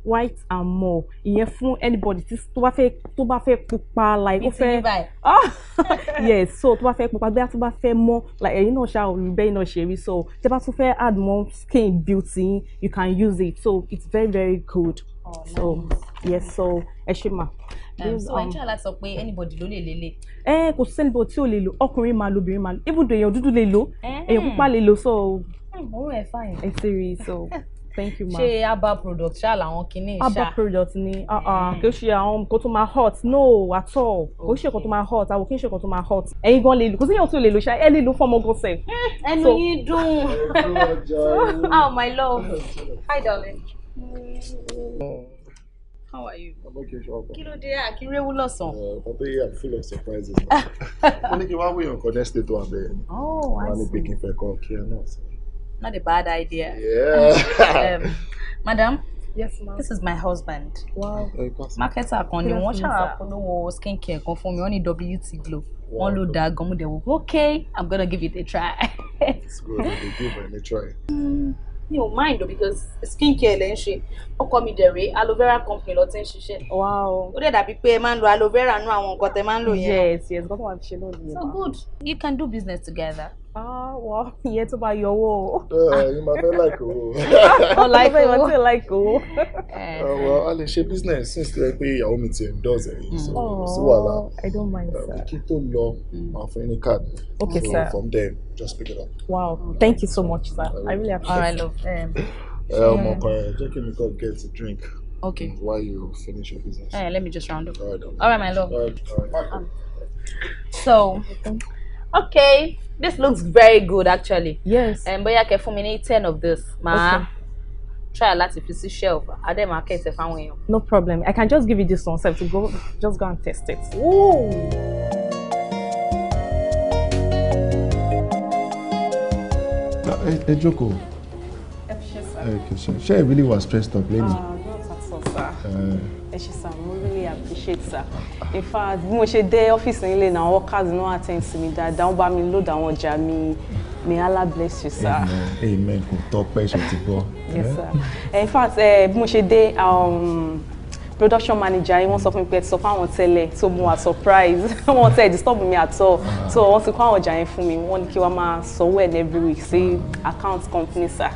white and more ìyẹn fún anybody tí tó bá fẹ́ tó bá fẹ́ pupa like ó fẹ́ ah! yes so tó bá fẹ́ pupa bí tó bá fẹ́ mọ́ like ẹ̀yin náà ṣáà òrùn bẹ́ẹ̀ náà ṣe rí so tí a bá tún fẹ́ add more skin beauty you can use it so it's very very good oh, so yes so ẹ ṣe mà. Um, so ẹ jẹ́ láti sọ pé anybody ló lè lélẹ̀. ẹ eh, kò sí anybody tí ò lè lò ọkùnrin máa lo obìnrin máa lo even though èèyàn dúdú lè lò èèyàn pupa lè lò so. Hmm, òun ẹ̀ fà yẹn. ẹ ṣe rí so. thank you ma ṣe herbal product ṣá làwọn kìíní ṣá herbal product ni ah, ah. Hmm. kì í ṣe àwọn nǹkan tó máa hot no at all kò ṣe nǹkan tó máa hot àwọn kì í ṣe nǹkan tó máa hot ẹ̀yin gan lè lò kò sí èèyàn tó lè lò ṣá ẹ lè lò fọmọ gan sef. ẹnu yín dùn oh my love hi darling. How are you? I'm okay, sure. Kí ló dé àkírẹ́wú lọ́sàn? Ọ̀pẹ eh, yìí I'm full of surprises. Mo ní kí n wá wíyàn kan next day tó wà bẹ́ẹ̀. Oh, I see. Wọ́n á ní pé fẹ́ kọ́ kí ẹ náà sí not a bad idea. Yeah. um, madam. Yes, ma'am. This is my husband. Wow. Marketer kan ni wọ́n ṣàpolówó skincare kan fún mi, wọ́n ní WT Glow. Wọ́n One load that gumu dẹ̀wò. Okay, I'm gonna give it a try. It's
good, you give it a try.
Mm, mi ò mind o because skincare lẹ́ ń ṣe. Ọkọ mi dẹ̀rẹ̀ aloe vera company lọ ti she. ṣiṣẹ́. Wow. Ó that be pay man lo aloe vera no àwọn nǹkan tẹ máa ń lò Yes, yes, gbọ́dọ̀ wà fi ṣe lónìí. So good. You can do business together. Ah, well, ìyẹn tó bá yọ owó o. Ẹ̀yin máa fẹ́ like owó. Unlike owó. Wọ́n ti like owó. Well, a lè ṣe business since lẹ́yìn pé ìyàwó mi ti endorse ẹ̀yìn so sí wàhálà. I don't mind uh, sir. Kí tó lọ, màá fún yín ní card. Okay so, sir. From there, just pick it up. Wow, thank you so much sir. I really appreciate it. love. Ẹ ọmọkùnrin, jẹ́ kí mi kọ́ get a drink. Okay. While you finish your business. Hey, eh, let me just round up. All right, my love. All right, um, so, okay this looks very good actually. yes. Um, but kẹ́ fún mi ten of this máa okay. try láti fi sí shelf adé máa kẹ́ ẹ̀sẹ̀ fáwọn èèyàn. no problem i can just give you this one sef to go just go and test it. Ooh. ẹ jókòó ẹ kì í ṣe ṣé ẹ really was stressed up lẹ́nu. ah not at all sir. Eh ẹ ṣe sir mo really appreciate sir in fact bí mo ṣe dé ọ́fíìsì nílé náà workers náà attend sí mi dáadáa wọ́n bá mi load àwọn ọjà mi may Allah bless you sir. amen amen kò tọ́pẹ́ ṣe ti gbọ́. yes eh? sir in fact eh, bí mo ṣe dé um, production manager yìí wọ́n sọ fún mi pé ti sọ fún àwọn tẹ́lẹ̀ so mo wà surprise wọ́n tẹ̀ disturb me at all ah. so wọ́n ti kó àwọn ọjà yẹn fún mi wọ́n ní kí wọ́n máa sanwó ẹ̀ every week sí account company sir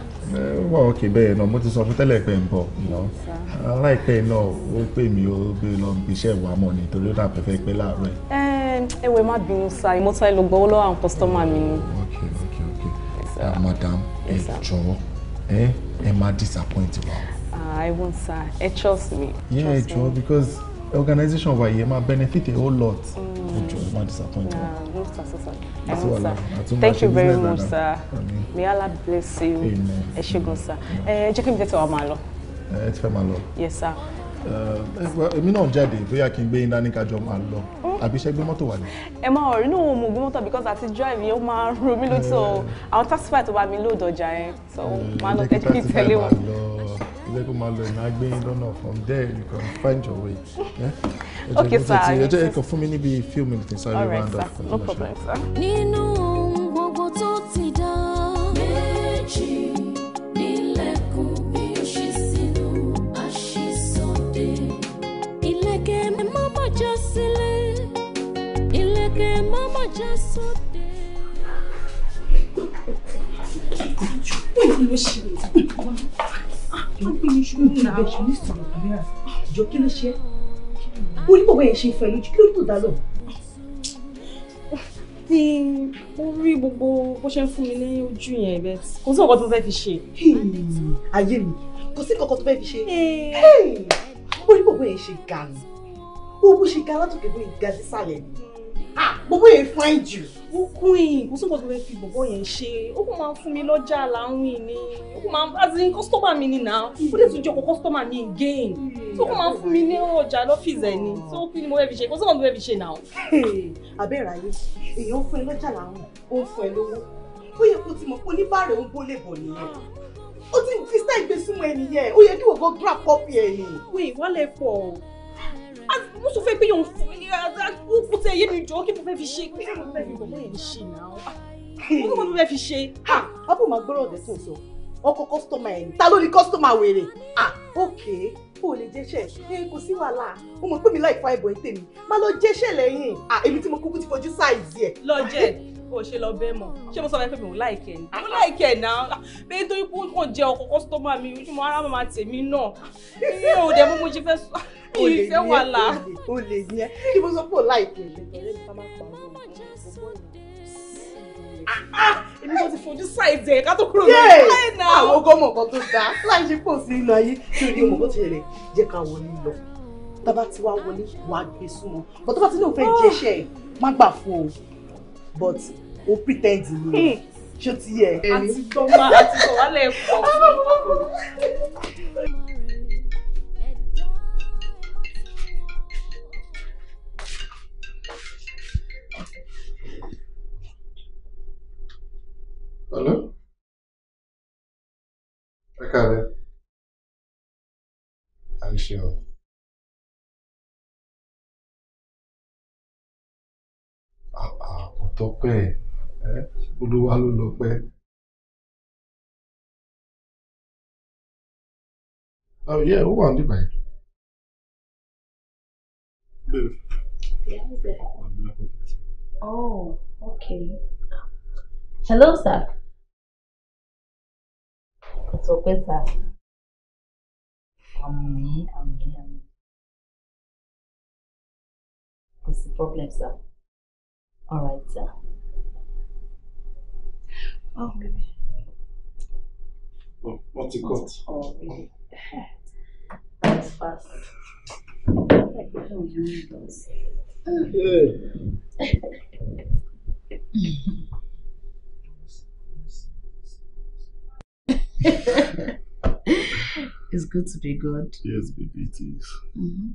wà òkè bẹ́ẹ̀ náà mo ti sọ fún tẹ́lẹ̀ pé ń bọ̀ aláìpẹ́ ah, náà ó pè mí ó gbé lọ iṣẹ́ ìwà mọ̀ ni torí ó dà pẹ́fẹ́ pé láàárọ̀ ẹ̀. ẹ wẹ má bínú sa ìmọ̀tá ẹ lọ gbọ́wọ́ lọ́wọ́ àwọn kọ́sítọ́mà mi ni. Ah, madam ẹ jọ̀ọ́ ẹ ẹ má disappoint wa. Ah, I won't sir ẹ trust me. yeah ẹ jọ̀ọ́ because organization wa yìí ẹ benefit a whole lot. Mm ẹjọ má disappoint wa. no sir sir sir i sir thank you very much sir may allah bless you ẹ ṣé gan sir ẹ jẹ́ kí n Amalo. wá máa lọ. yes sir èmi náà jáde bóyá kí n gbé iná ní kájọ máa lọ hmm? àbí iṣẹ́ gbé mọ́tò wà ní. ẹ máa rí náà mo gbé mọ́tò because àti drive yẹn ó máa ń ro mí lójú hmm. àwọn taxi fight wà mí lóòdọ̀jà yẹn so hmm, máa lọ tẹ́tí tẹ̀lé wọn jẹ́ kó máa lọ ìmọ̀ agbẹ́yìn lọ́nà from there you can find your way. Yeah? okay sir ẹ jẹ́ ẹ̀kan fún mi níbi few minutes inside the round of continuation. no problem sir.
nínú gbogbo tó ti dá méjì nílẹ̀kùn bí ó ṣe sínú àṣìṣọ́dé ìlẹ̀kẹ̀ má má já sílẹ̀ ìlẹ̀kẹ̀ má má já sóde.
Thank you don't finish you now. Bẹ́ẹ̀ ṣe ní sọ̀rọ̀ lórí àṣà. Jọ kí ló ṣe é? Orí bàbá yẹn ṣe fẹ́ lójú kí ló tó dá lọ? Tí mo rí gbogbo bó ṣe ń fún mi lẹ́yìn ojú yẹn bẹ́ẹ̀ kò sí nǹkan tó fẹ́ fi ṣe. Ayé mi, kò sí nǹkan tó fẹ́ fi ṣe. Orí bàbá yẹn ṣe ga látòkè bó ìga sísàlẹ̀ ni bọ́bọ́ yẹn fine jù. ó kún in kò sí nǹkan tó fẹ́ fi bọ́bọ́ yẹn ṣe ó kún máa ń fún mi lọ́jà láwìn ni ó kún máa ń as in customer mi ni now ó dẹ̀ tún jẹ́ ọkọ̀ customer mi again So kún máa ń fún mi ní ọjà lọ́fíìsì ẹ̀ ni tó kí ni mo fẹ́ fi ṣe kò sí nǹkan tó fi ṣe now. abẹ́rẹ́ ayé èèyàn fún ẹ lọ́jà láwìn ó fún ẹ lówó ó yẹ kó ti mọ̀ pé oníbàárà ń bó lè bọ̀ nìyẹn ah. ó ti fi sáà ìgbésùnmọ̀ ẹ nìyẹn ó grab copy ẹ ni. wait wọ́n mo sọ fẹ́ pé yóò fún mi kó tẹ yé mi jọ kí mo fẹ́ fi ṣe kí mo fẹ́ fi bẹ̀rẹ̀ mi ṣe náà kí mo fẹ́ fi ṣe. Ah, ọkọ máa gbọ́rọ̀ ọ̀dẹ́ tó sọ ọkọ kọ́sítọ́mà ẹ̀ ta ló ní kọ́sítọ́mà wèrè ah, okay kò lè jẹ́ṣẹ̀ ẹ kò sí wàhálà ó mọ̀ pé mi láì fa ẹ̀bọ̀ ẹ̀ tèmi má lọ jẹ́ṣẹ̀ lẹ́yìn ah, èmi tí mo kúkú ti fojú sáìzì ẹ̀. lọ jẹ o ṣe lọ bẹ́ẹ̀ mọ̀ ṣé mo sọ fẹ́ pé mo láìkẹ́ ni mo láìkẹ́ náà bẹ́ẹ̀ torí pé kò jẹ́ ọkọ̀ kọ́sítọ́mà mi mo ara máa tèmi náà mi ò dẹ̀ mú mo ṣe fẹ́ sọ mi ì fẹ́ wà lá. o lè ní ẹ kí mo sọ pé o láìkẹ́ ni. Ah, ah! èmi kò ti fojú ṣáìdì ẹ̀ká tó kúrò lórí láì náà. Ah, àwọn ọgọ́mọ̀ kan tó dáa láì ṣe pò sí inú ayé tí o ní mọ̀ bó ti rẹ̀ jẹ́ ká wọlé lọ tá bá ti wá wọlé wàá gbé e súnmọ́ bọ́tọ́ bá ti ní òun fẹ́ jẹ́ṣẹ́ má gbà fún o but ó pretend ni hmm. ṣó ti yẹ. àti tọ́wá àti tọ́wá
lẹ́ẹ̀kọ́ fún ah, ah, ah, Hello? I got it. I'm sure. kò tọ́pẹ́ ẹ̀ olúwa ló lọ́pẹ́. Oh yeah, ó wà níbà yìí. Oh, okay. Hello, sir. Kò tọ́pẹ́ sir. I'm Àmì I'm àmì. What's
the problem, sir? All right, sir. Oh, really? Oh, what a cut. Oh, really? That's fast. it's good to be good. Yes, baby, it is. Mm -hmm.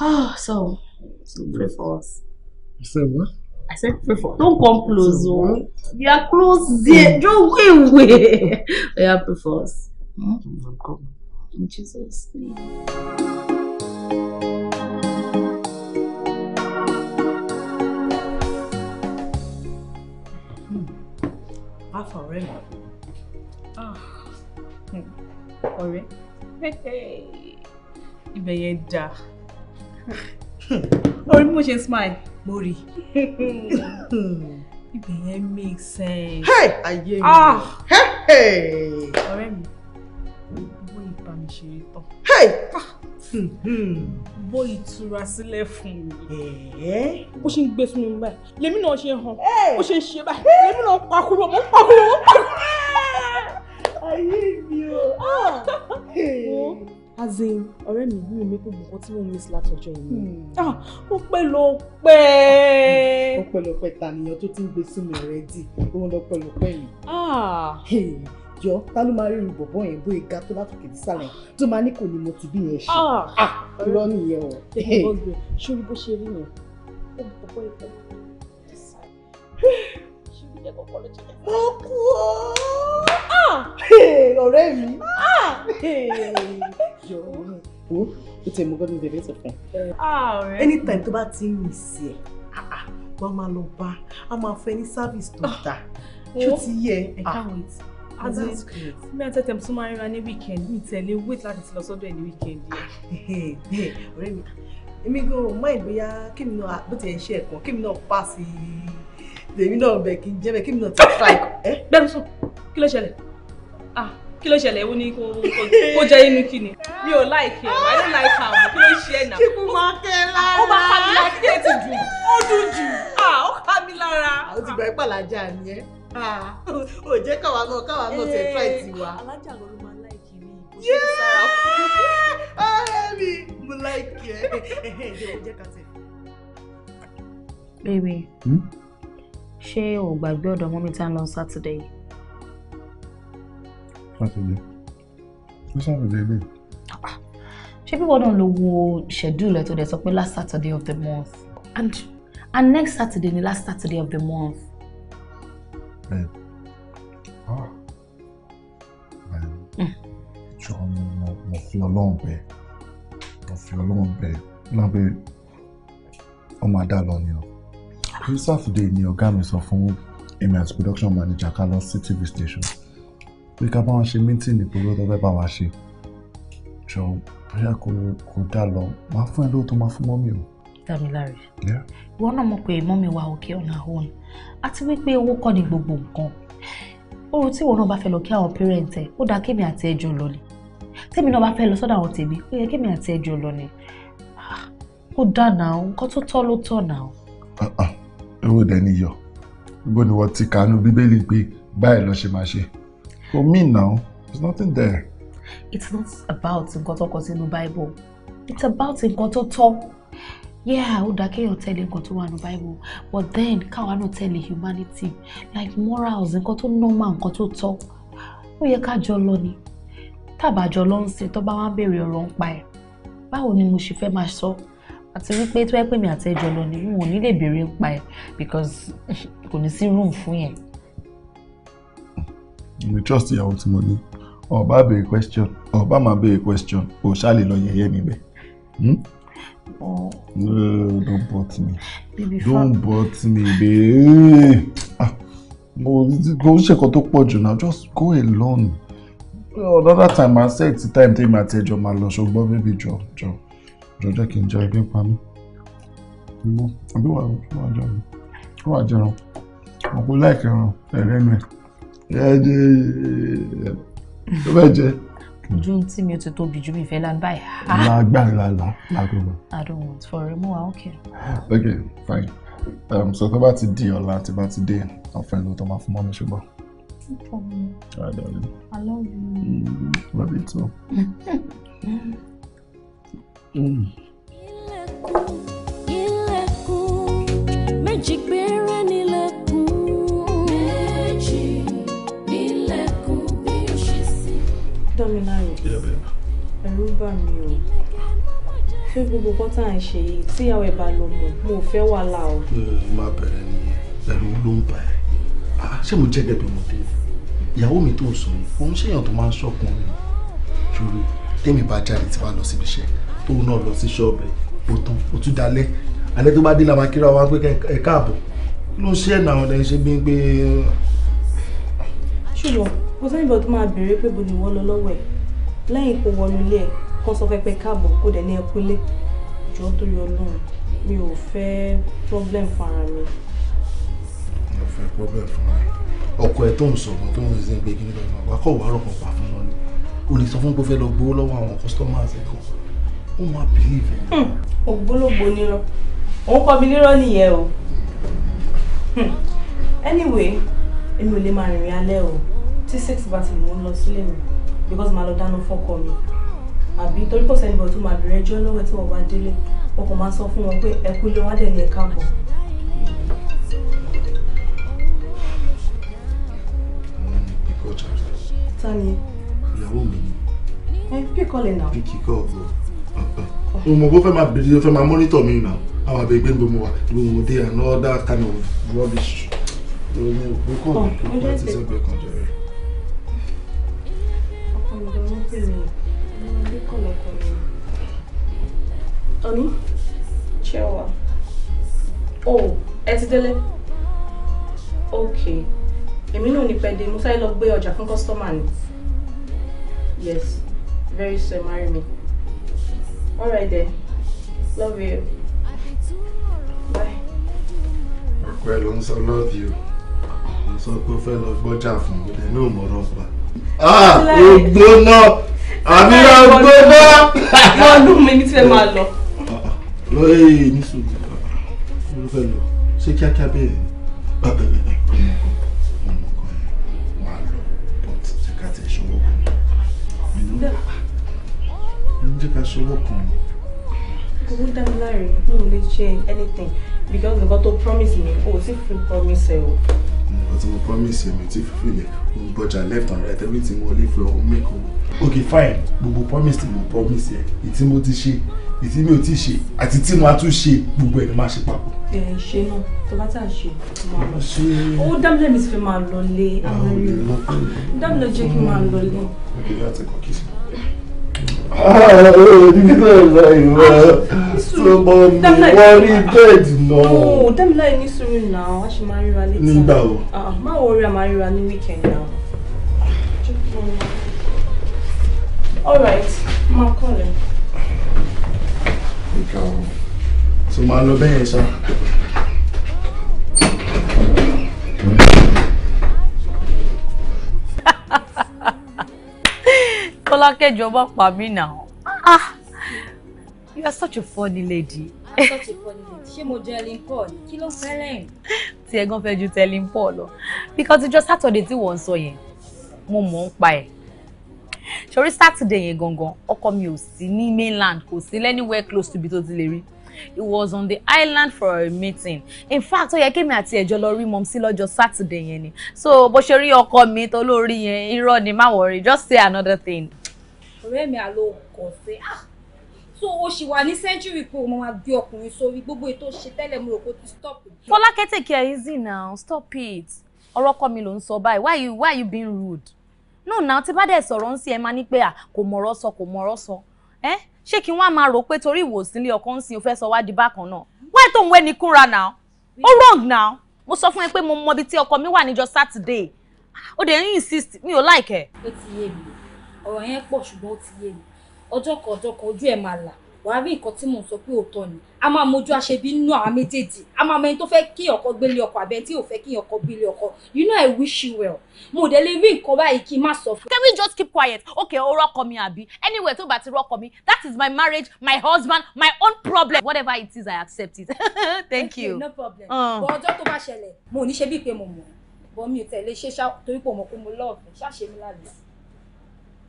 Oh, so, so pray for us. You said what? I said pray for. Don't come close, oh. You are close there. Hmm. Don't go away. We are pray for us. Hmm? I'm coming. In Jesus' name. Hmm. Half a ring. Ah. Hmm.
Hey.
Ibẹ̀ yẹn dáa. Mori. Hmm. mo ṣe smile mo rí ibẹ̀ yẹn make sense. ayé mi ah! ọ̀rẹ́ mi owó ìbá mi ṣe é tán. Ah! Hmm. bó ìtura sílẹ̀ fún mi. bó ṣe ń gbé fún mi báyìí lèmi náà ṣe hàn bó ṣe ń ṣe báyìí lèmi náà pakúrò mo pakúrò mo pakúrò. ayé mi o. Ah! as in ọ̀rẹ́ mi yìí mi gbogbo nǹkan tí mo miss látọjọ́ yìí. Hmm. Ah, ah, ó pẹ́ ló pẹ́. ó pẹ́ ló pẹ́ tànìyàn tó ti ń gbé súnmọ́ rẹ dì òun ló pẹ́ ló pẹ́ yìí. yọ ta ló máa ríru bọ̀bọ̀ yẹn bóyá e ga tó látòkè tí sàlẹ̀ tó máa ní kò ní mo ti bí yẹn ṣe. Ah. irọ́ nìyẹn o. ṣé orí bó ṣe rí yẹn ó bọ̀bọ̀ ìfẹ́ jẹ́ kọ́kọ́ ló ti jẹ́. mo kú o ah! ọ̀rẹ́ mi ah! wo o tẹ mọ gbọdọ bẹbẹ sọ fún anytime tó bá ti ń rìn sí ẹ ah, wọn máa lọ bá a máa fẹ ní service tó dáa ṣó ti yẹ ẹ káwọn ètò mi àti ẹtẹm tún máa ń ra ní weekend mi tẹ̀lé wait láti ti lọ sọ́dọ̀ ẹ̀ ní weekend yẹn. ọ̀rẹ́ mi èmi gan-an máa ń gbéyà kí mi náà bó ti ẹ̀ ń ṣe ẹ̀kan kí mi náà pàṣẹ lèmi náà bẹ̀ kí n jẹ́ bẹ̀ kí mi náà ti try. bẹ́ẹ̀ sùn kí ló ṣẹlẹ̀ ah kí ló ṣẹlẹ̀ ewu ni kò jẹ́ inú kí ni mi ò láìkí ẹ̀ i don't like am kí ló ṣe ẹ̀ náà. kíkún ah, máa kẹ́ lára. ó máa ká mi lára kí ló ti jù ó dùn jù ah, ó ká mi lára. àwọn ti gbà ẹ́ pàlájà ni ẹ́ ò jẹ́ káwa náà káwa náà ti try tiwa. Eh,
alájà ló máa láìkí
mi kò ṣe é ọ̀rẹ́ mi mo láìkí ẹ̀
baby. Hmm? ṣé o gbàgbé
ọ̀dọ̀ mọ́mí tá ń lọ sátidé yìí.
sátidé ṣé sátidé lè.
ṣé bí wọ́n lọ wo schedule ẹ̀ tó dẹ̀ sọ pé last saturday of the month and and next saturday ni last saturday of the month. Hey. Ah. Mm. jọ mo mo mo fi ọlọ́run bẹ̀ mo fi ọlọ́run bẹ̀ lábẹ́ ọmọ adá lọ ni o ní sátidé ni ọ̀gá mi sọ fún èmi àti production manager ká lọ sí tv station pé ká bá wọn ṣe mítìnì pé ló tó fẹ́ bá wa ṣe jọ bóyá kò dá lọ máa fún ẹ lóòótọ́ máa fún mọ́mí o. Damilare ìwọ náà mọ̀ pé mọ́mí wa òkè ọ̀nà àwọn àti wípé owó kọ́ ni gbogbo nǹkan oru tí ìwọ náà bá fẹ́ lọ kí àwọn pẹ́rẹ́ǹtì ẹ̀ ó dáa kémi àti ẹjọ́ lọ ni tèmi náà bá fẹ́ lọ sọ́dọ̀ àwọn tèmi ó yẹ kémi àti ẹjọ́ lọ ni ah, ó dáa náà nǹkan tó tọ́ ló tọ́ náà. Ah, ah ewé dẹ̀ níyọ̀ gbogbo ni wọ́n ti kànú bíbélì pé báyìí ló ṣe máa ṣe kò mí náà there's nothing there. it's not about nǹkan tó kọ sínú bible it's about nǹkan tó tọ́ yeah ó dáa kéèyàn tẹ̀lé nǹkan tó wà ní bible but then káwa náà tẹ̀lé humanity
like morals nǹkan tó normal nǹkan tó tọ́ ó yẹ ká jọ lọ ni tàbá
jọ lọ ń sìn tó bá wá ń béèrè ọ̀rọ̀ ń pa ẹ̀ báwo ni mo ṣe fẹ́ máa sọ. So? àti wípé tó yẹ pé mi àti ẹjọ lọ ni n ò ní lè béèrè ń pa ẹ because kò ní sí room fún yẹn. mi trust ìyàwó tí mo ní ọba béèrè question ọba máa béèrè question kò ṣáàlì lọ yẹ̀yẹ́ mi bẹ. Hmm? Oh. don't bot me. don't bot me, babe. Ah, mo go ṣe nǹkan tó pọ̀ jù now just go alone. Another time I set the time tẹ́mi àti ẹjọ́ máa lọ ṣùgbọ́n bébí jọ jọ jọjọ kì í jẹ ebi ń pa àbí wà kí wà jẹun kí wà jẹun wọn kò láìka
ẹran ẹrẹnu ẹ ẹ jẹ tó bẹ jẹ.
ojú tí mi ò ti tóbi ju mi fẹ́ lan báyìí. lágbára la lágbára. I don't want for a more okay. okay fine um, so tó bá ti di ọ̀la tí bá ti dé ọ̀fẹ́ ló tó máa fún mọ́mí ṣùgbọ́n. No problem. All I love you. Mm, love you too. ilẹ̀kùn
ilẹ̀kùn méjì gbéra nílẹ̀kùn
méjì nílẹ̀kùn bí o ṣe sí. dominari ẹ̀rù bà mí o ṣé gbogbo kọ́tà ń ṣe yìí tíyàwó ẹ̀ bá lọ mọ̀ mo fẹ́ wàhálà o. má bẹ̀rẹ̀ nìyẹn ẹ̀rù ló ń bà ẹ́ ṣé mo jẹ́ gẹ̀dọ̀ ọmọdé ìyàwó mi tó ń sọ òun ṣèyàn tó máa ń ṣọkùnrin ṣòro tèmi bá jáde tí wàá lọ síbi iṣẹ́ òun náà lọ sí ṣọ́ọ̀bù ẹ̀ ó tán ó tún dalẹ̀ alẹ́ tó bá dé la máa kíra wa pé ẹ káàbọ̀ kí ló ń ṣe ẹ̀nà àwọn ọ̀dẹ́yìn ṣe bí pé. ṣùgbọ́n kò sẹ́yìn bọ̀ tó máa béèrè pé bo ni wọ́n lọ lọ́wọ́ ẹ̀ lẹ́yìn kó wọnú ilé ẹ̀ kán sọ fẹ́ẹ́ pẹ́ káàbọ̀ kó dẹ̀ ní ẹkú lé jọ torí ọlọ́run mi ò fẹ́ problem fara mi. mi ò fẹ́ problem fara mi ọkọ ẹ tó ń sọ̀rọ̀ tó ń sìn pé kí ni bàbá wa kọ̀ wá rọ̀ pọ̀ pa fún wọn ni o sọ fún pé fẹ́ lọ gbowó lọ́wọ́ àwọn customers ó máa bìlíìfì. Hmm. ògbólógbò nírọ́ òun kọ́ mi nírọ́ nìyẹn o hmm. anyway èmi ò lè máa rìnrìn alẹ́ o tí six bá ti mú un lọ sílé mi because màá lọ dáná fọ́kọ mi àbí torí kò sẹ́ni bọ̀ tó máa bẹ̀rẹ̀ ẹjọ́ lọ́wọ́ tí wọ́n bá délé wọn kò máa sọ fún wọn pé ẹkú ilé wa dẹ̀ ní ẹ̀ka bọ̀. Hmm, ta ni. ìyàwó mi ni. ẹ pí kọ́lẹ̀ náà. pí kíkọ́ ọ̀gbọ́n mo bó fẹ́ máa bèrè fẹ́ máa mọ́nítọ̀ mi náà àwọn àbẹ̀ ìgbẹ́ gbogbo wa lòdì and all that kind of rubbish lórí òkú kọ̀ nípa ti sẹ́gbẹ̀ẹ́ kan jẹ́ rẹ̀. Oni, Chewa. Oh, ẹ ti délé. Okay. Èmi náà ní pẹ́ẹ́dé, mo sáré lọ gbé ọjà fún kọ́sítọ́mà ni. Yes, very soon marry me. Alright then. Love you. Bye. Ọ̀pẹ ló ń love you. Mo sọ but ó fẹ́ lọ no more mi, ẹni ò mọ̀rọ̀ pa. Ah! Ògbóná! Àbí ògbóná! Wọ́n lù mí ní tí ẹ máa lọ. Lọ́yẹ̀ ní sùn. Mo fẹ́ lọ. Ṣé kíákíá bẹ́ẹ̀ ni? Bàbá bẹ̀rẹ̀. jẹ́ ká ṣòwò kan. owó dá mi mi ò lè ṣe anything because nǹkan tó promise mi o ti fi promise ẹ o. nǹkan tí mo promise mi ti fi filẹ̀ mo ń left and right everything mo lè fi ọ̀hún make o. ok fine gbogbo promise tí mo promise ẹ ìtí mo ti ṣe ìtí mi ò ti ṣe àti tí mo á tún ṣe gbogbo ẹ̀ ni máa ṣe papọ̀. ẹ ṣe náà tó bá tà ṣe máa lọ ṣe owó dámilẹ̀ mi ti fi máa ah, lọ lé àwọn ẹ̀rí dámilẹ̀ jẹ́ kí n máa lọ lé. ó láti kọ́ kí sí wọ́rí bẹ́ẹ̀dì náà. Dámiláì ní sùúrù náà, wá ṣe máa ríra létí. Nígbà wo? Má wọrí a máa ríra ní wíkẹ̀ndì náà. Alright, máa calling. rẹ̀.
Tó máa lọ bẹ́yẹn ṣá.
Bọ́lá kẹjọ pa mí náà. Ah, you are such a funny lady. I'm such
a funny lady. Ṣé mo jẹ Paul? Kí ló ń fẹ́ lẹ́yìn?
Tí gan fẹ́ ju tẹ́lẹ̀ ń pọ̀ lọ. Because ìjọ Saturday tí wọ́n ń sọ yẹn, mo mọ̀ ń pa ẹ̀. Ṣorí Saturday yẹn gangan, ọkọ mi ò sí ní mainland, kò sí anywhere close to ibi tó ti was on the island for a meeting. In fact, ó yẹ kémi àti ẹ̀jọ́ lọ rí mọ́mísí lọ́jọ́ Saturday yẹn ni. So bó ṣe rí ọkọ mi tó lórí yẹn, irọ́ ni má worry. just say another thing ọ̀rẹ́ mi àlọ́ ọ̀gọ̀ọ̀sẹ̀ ah! so o ṣì wà ní sẹ́ńtúrì pé o máa gbé ọkùnrin sórí gbogbo ètò ṣe tẹ́lẹ̀ mo rò pé o ti stop. fọlákẹ́ tèkì easy now stop it ọ̀rọ̀ kọ́ mi ló ń sọ báyìí why you why you being rude no now tí bá dẹ̀ sọ̀rọ̀ ń sí ẹ máa ní pé à kò mọ̀rọ̀ sọ kò mọ̀rọ̀ sọ ẹ́ ṣé kí wọ́n á máa rò pé torí ìwòsílé ọkọ ń sin o fẹ́ sọ wá bákan náà why tó ń wé ni kúnra now ó wrong now mo sọ fún ẹ pé mo mọ ibi tí ọkọ mi wà níjọ́ Saturday ah, ó dẹ̀ ń insist mi ò like ẹ̀. ó ti yé mi ọ̀rọ̀ yẹn pọ̀ ṣùgbọ́n ó ti yé mi ọjọ́ kan ọjọ́ kan ojú ẹ̀ máa là wàá rí nǹkan tí mò ń sọ pé òótọ́ ni a máa mojú aṣebi nínú àwọn méjèèjì a máa mọ ẹni tó fẹ́ kí ọkọ gbélé ọkọ àbẹ tí ò fẹ́ kí ọkọ gbélé ọkọ you know I wish you well mo dẹ̀ lè rí nǹkan báyìí kí n má sọ fún. can we just keep quiet okay o rọkọ mi àbí anywhere tó bá ti rọkọ mi that is my marriage my husband my own problem whatever it is I accept it thank you. no problem uh. bọ ọjọ́ tó bá ṣẹlẹ̀ mo ò ní ṣe bí pé mo mọ̀ bọ́ mi ò tẹ̀lé ṣe torí pé mo mọ̀ pé mo lọ́ọ̀fẹ́ ṣáṣe mi lálẹ́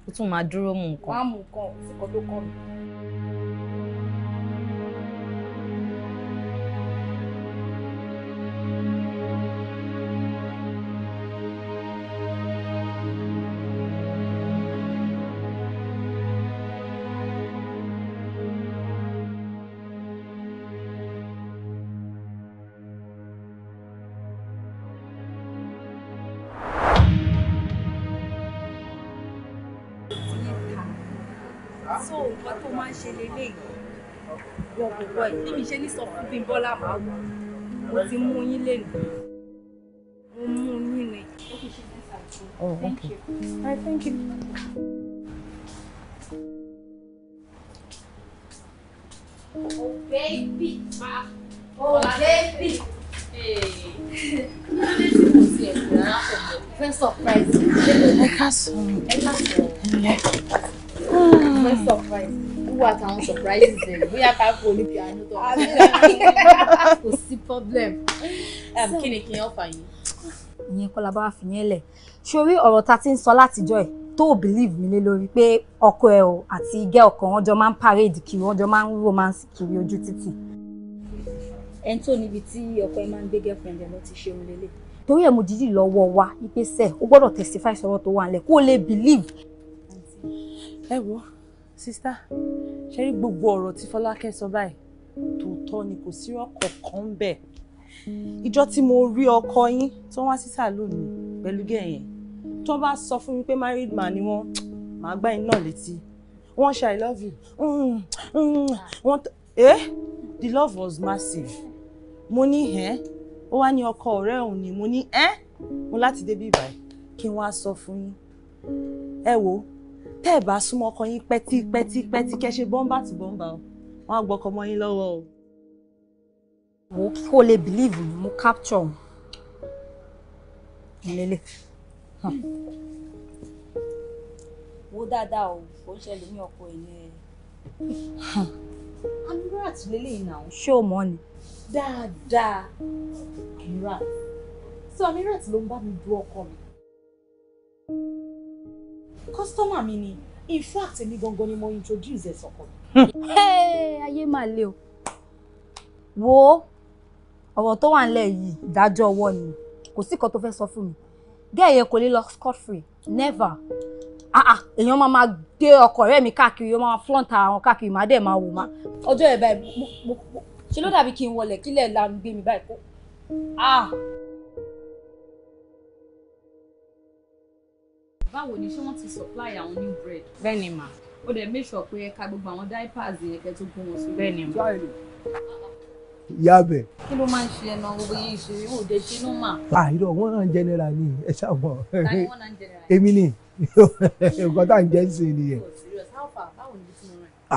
ó tún máa dúró mú nǹkan.
wàá mú nǹkan òsìkò tó kọ́ mi. bí mi ṣe ní sọ fún bí bọ́lá máa wù mo ti mú yín lẹ́nu mo mú yín ni. Oh, okay. I thank you. Oh, baby. Ah. Oh, baby. First surprise. Ẹ ká sọ̀rọ̀. Ẹ ká sọ̀rọ̀. First surprise wà táwọn surprises ẹ̀ bóyá ká kó ní piano tó wà kò sí problem um, kí ni kí n ọ̀fà yìí. ìyẹn kọ́ la bá wà fi yẹn lẹ̀ sórí ọ̀rọ̀ ta ti ń sọ látijọ́ ẹ̀ tó ò believe mi lé lórí pé ọkọ ẹ o àti igẹ́ ọkọ wọn jọ máa ń parade kiri wọn jọ máa ń romance kiri ojú títì. ẹni tó níbi tí ọkọ ẹ máa ń gbé girlfriend ẹ lọ ti ṣeun lélẹ̀. torí ẹ̀ mo dídì lọ́wọ́ wa Ipe sẹ́ẹ̀ ó gbọ́dọ̀ testify sọ̀rọ̀ tó wà nílẹ̀ kó o lè believe. ẹ wo sista ṣe rí gbogbo ọ̀rọ̀ tí Fọlákẹ́ sọ báyìí tòótọ́ ni kò sí ọkọ̀ kan bẹ̀ ìjọ tí mo rí ọkọ yín tó wá sí sàlóò mi pẹ̀lú gẹ̀yẹn tó bá sọ fún mi pé married man ni wọ́n màá gbá iná létí wọ́n ṣe i love you mm, mm, mm. wọ́n eh the love was massive mo ní ẹ́ ó wá ní ọkọ ọ̀rẹ́ òun ni mo ní ẹ́ mo láti débi ìbàyí kí n wá sọ fún yín ẹ wo tẹ́ ẹ̀ bá súnmọ́ ọkọ yín pẹ́tí pẹ́tí pẹ́tí kẹ́ ṣe bọ́ńbà tí bọ́ńbà o wọ́n á gbọ́kọ mọ́ yín lọ́wọ́ o. wo kí lè believe mo capture òun lélẹ̀. Hmm. wo dáadáa o kò ń ṣẹlẹ̀ ní ọkọ ẹ̀ yẹn. Hmm. amurat lélẹ́yìn náà. ṣé o mọ̀ ni. dáadáa amurat so amurat ló ń bá mi du ọkọ mi. thank you Customer, mi ni in fact èmi gangan ni mo introduce ẹ̀ Hey, ayé máa le o wo ọ̀rọ̀ tó wà nílẹ̀ yìí ìdájọ́ ọwọ́ ni kò sí kan tó fẹ́ sọ fún mi gẹ́ẹ̀ yẹn kò lè lọ scot free never ah ah èèyàn máa máa gbé ọkọ ọ̀rẹ́ mi káàkiri ó máa flaunt àwọn káàkiri màá dẹ̀ máa wò má. ọjọ́ ẹ̀ báyìí ṣe ló dàbí kí n wọlé kílẹ̀ lanu gbé mi báyìí kó ah. báwo ni ṣé wọ́n ti supply àwọn new bread. bẹ́ẹ̀ni ma. ó dẹ̀ make sure pé ká gbogbo àwọn diapers yẹn kẹ́ tó gún wọn sí. bẹ́ẹ̀ni ma. ìyá bẹ. kí ló máa ń ṣe ẹnu gbogbo yìí ìṣòro ìwò òde ṣe ló mà. àìrọ wọn náà ń jẹnẹra ni ẹ ṣàmọ. èmi ni nǹkan tá à ń jẹ́ ń sè nìyẹn.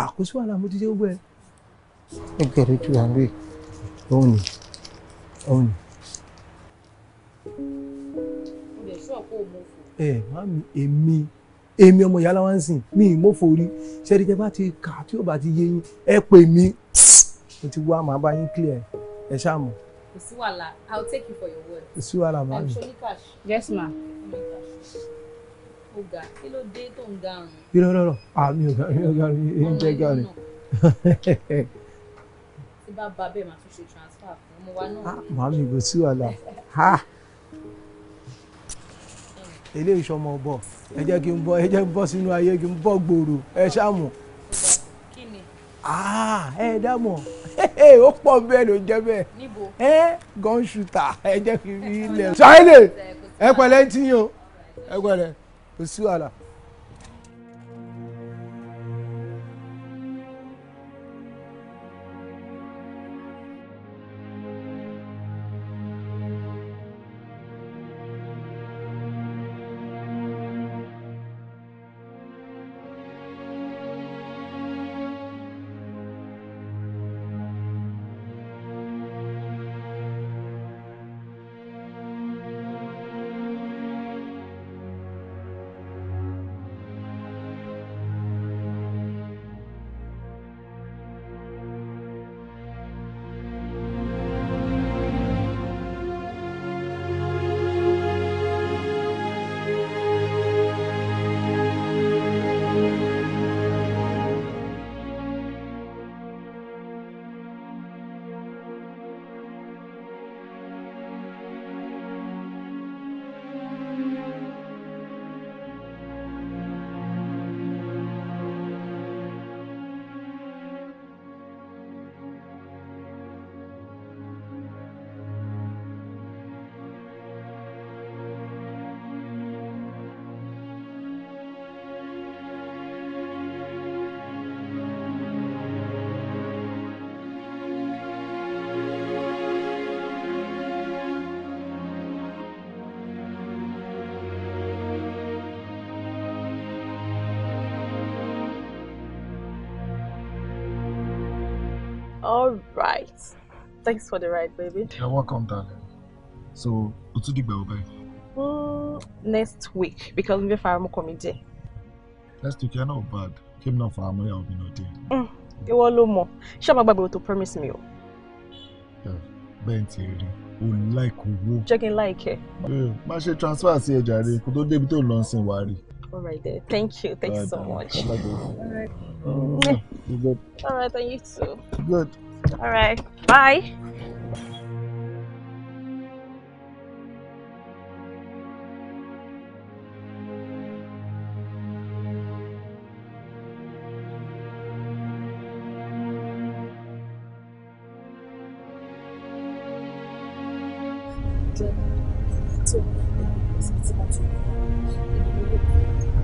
àkóso wàhálà mo ti ṣe gbogbo ẹ.
ẹ kẹrẹ ju àárẹ
òun ni òun ni. ẹ mami èmi èmi ọmọ ìyá aláwa ń sìn mí ìmọ̀fọ̀ orí ṣẹ́ni tẹ́ bá ti kà tí ò bá ti yé yín ẹ pè mí mo ti wá màá bá yín clear ẹ ṣáà mọ̀. kò sí wàhálà i will take you for your word. kò sí wàhálà màá mi. yes ma. o ga kí ló dé tó ń garun.
irọ́ rọ̀rọ̀ àmì ah, ò garun ò garun èyí ń jẹ́ garun.
tí bá ba bẹ́ẹ̀ máa tún ṣe transfer fún ọmọ wa náà. Ah,
màá mi kò sí wàhálà eléyìí sọmọ bọ ẹ jẹ́ kí n bọ́ ẹ jẹ́ n bọ́ sínú ayé kí n bọ́ gbòòrò
ẹ ṣàmù. kí ni. Ah, ẹ dámọ̀ ó pọ̀ bẹ́ẹ̀ ló jẹ́ bẹ́ẹ̀. níbo. ẹ gun shooter ẹ jẹ́ kí n rí ilẹ̀. ṣáìlè ẹ pẹ̀lẹ́ ń tiyàn ẹ pẹ̀lẹ́ kò sí wàhálà. Thanks for the ride, baby. You're welcome, darling. So, ó tún dìgbà wo báyìí? Mm, next week, because we're far farm committee. Next week, you're not bad. Came now for Amoya will be not no you Mm, ìwọ ló mọ̀. Ṣé my baby to promise me, o. Yeah, bẹ́ẹ̀ ti rí. like owó. Checking like it. Yeah, ẹ̀. Má transfer sí ẹ jàre kó tó débi tó lọ sin wá rí. Thank you. Thank All you right, so much. Alright. right. Mm. All right, and you too. Good. All right. Bye.
Thank you.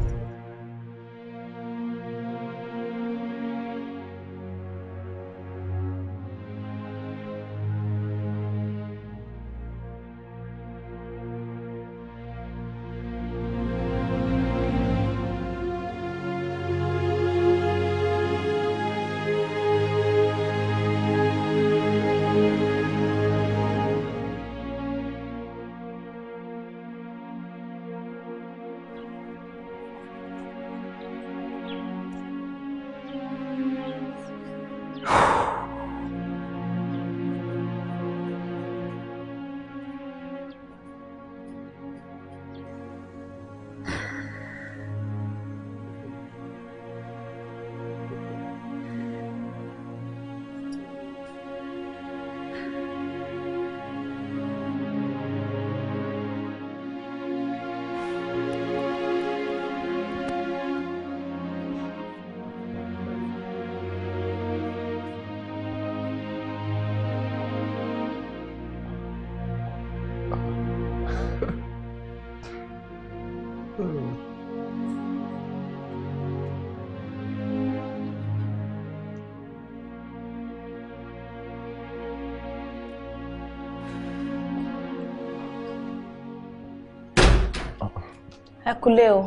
kúlẹ̀ o.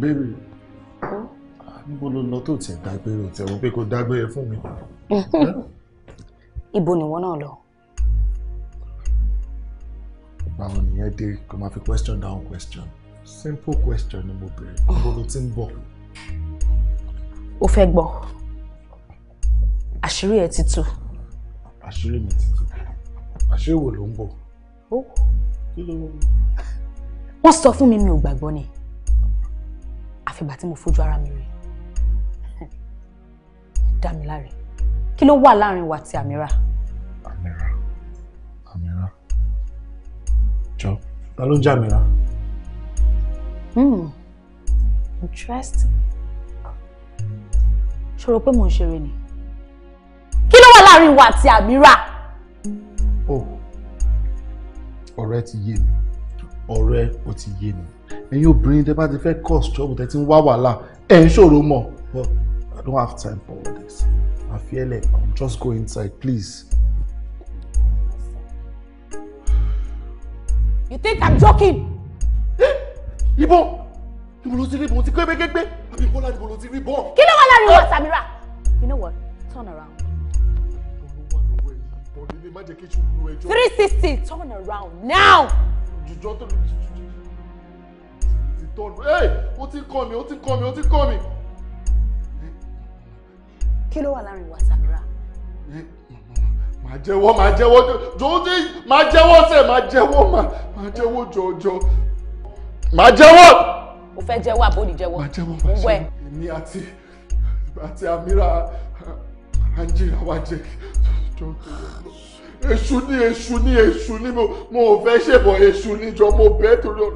bébì níbo ló lọ
tó tiẹ̀ dágbére tiẹ̀ wọ́n pé kó dágbére fún mi. ibo nìwọ náà lọ. báwo nìyẹn dé kó máa fi question down question simple question ni mo béèrè níbo ló ti ń bọ̀. o fẹ́ gbọ́ àṣírí ẹ̀ ti tú. àṣírí mi ti tú
àṣírí wo ló ń bọ̀.
Oh. wọ́n sọ fún mi mi ò gbàgbọ́ ni àfìgbà tí mo fojú ara mi rí dá mi láre kí ló wà láàrin wa ti Amira. Amira Amira jọ ta ló ń jẹ́ Amira. Hmm. interesting ṣòro pé mò ń ṣeré ni kí ló wà láàrin wa ti Amira. oh ọ̀rẹ́ ti yé mi ọ̀rẹ́ ó ti yé mi ẹ̀yin obìnrin tẹ bá ti fẹ́ cause trouble tẹ ti ń wá wàhálà ẹ̀ ń ṣòro mọ̀ but I don't have time for all this I feel like come just go inside please. You think I'm joking? Ìbọn! Ìbọn ló ti rí ìbọn ti gbé gbégbé. Àbí Bọ́lá ìbọn ló ti rí ìbọn. Kí ló wà láàrin wọn, Samira? You know what? Turn around. Three sixty turn around now dọ̀nù ẹ ó ti kàn mí ó ti kàn mí ó ti kàn mí. kí ló wà láàrin wa Samira. màá jẹ́wọ́ màá jẹ́wọ́ jòjì màá jẹ́wọ́ sẹ̀ màá jẹ́wọ́ màá jẹ́wọ́ jọjọ màá jẹ́wọ́. o fẹ́ jẹ́wọ́ àbóni jẹ́wọ́. màá jẹ́wọ́ màá jẹ́wọ́ èmi àti àti Amira anjira wa jẹ jọ èṣù ni èṣù ni èṣù ni mo mo fẹ́ ṣèbọ èṣù ni jọ mo bẹ́ẹ̀ torí ọ.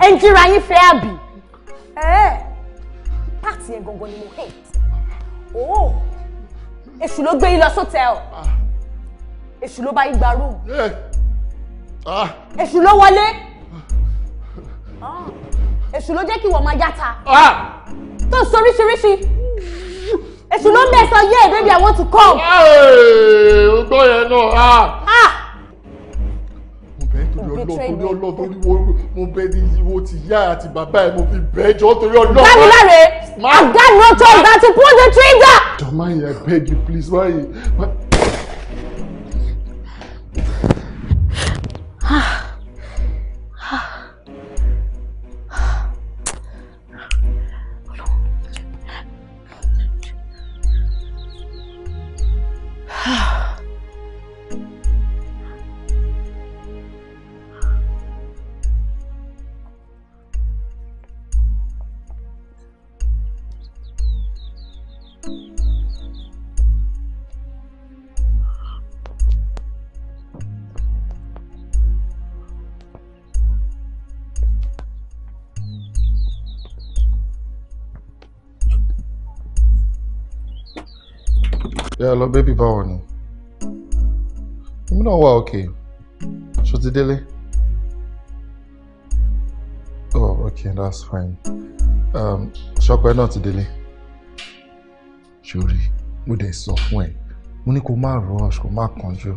ẹ ń jíra yín fẹ́ àbí. pààtì yẹn gangan ni mo hate oh èṣù ló gbé yín lọ sọ́tẹ̀ẹ̀ ah. èṣù ló bá yín gba rúùmù ah. èṣù ló wọlé ah. èṣù ló jẹ́ kí wọ́n máa yáta tó sọ oríṣiríṣi èṣù ló mẹ́sàn-án yé bébí I want to come. ó gbọ́ yẹn náà. Ọlọ́run torí Ọlọ́run torí mo bẹ ní ìwọ ti yá àti bàbá ẹ mo fi bẹ ẹ jọ torí Ọlọ́run. dániláre I got no choice than to pull the trigger. jọ̀ọ́ máyì I beg you please máyì. Yeah, lọ bébì báwo ni? Èmi náà wà okay. Ṣọtí délé? Oh, okay, that's fine. Um, Ṣọpẹ́ náà ti délé. Ṣorí, mo dẹ̀ sọ fún ẹ, mo ní kó má rush, kó má kánjú.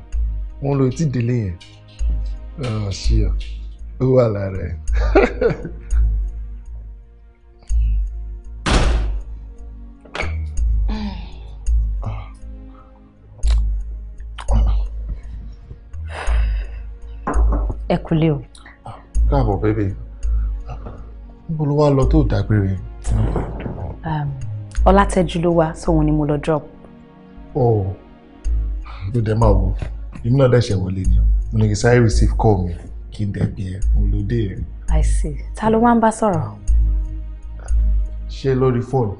Wọ́n lo etí délé yẹn. Ah, ṣíà, ó wà lára ẹ̀.
ẹ kúlé o. káàbọ̀ bébè
níbo ló wá lọ tó dágbére. Um, ọlátẹ́jú ló wá sóhun ni mo lọ drop. ó ló dé máa wò èmi náà dẹ̀ṣẹ̀ wọlé ni mo ní kí sáré receive call mi kí n dẹ̀bi ẹ̀ e, mo ló dé e. I see ta ló wá ń bá sọ̀rọ̀. ṣé lórí fóònù.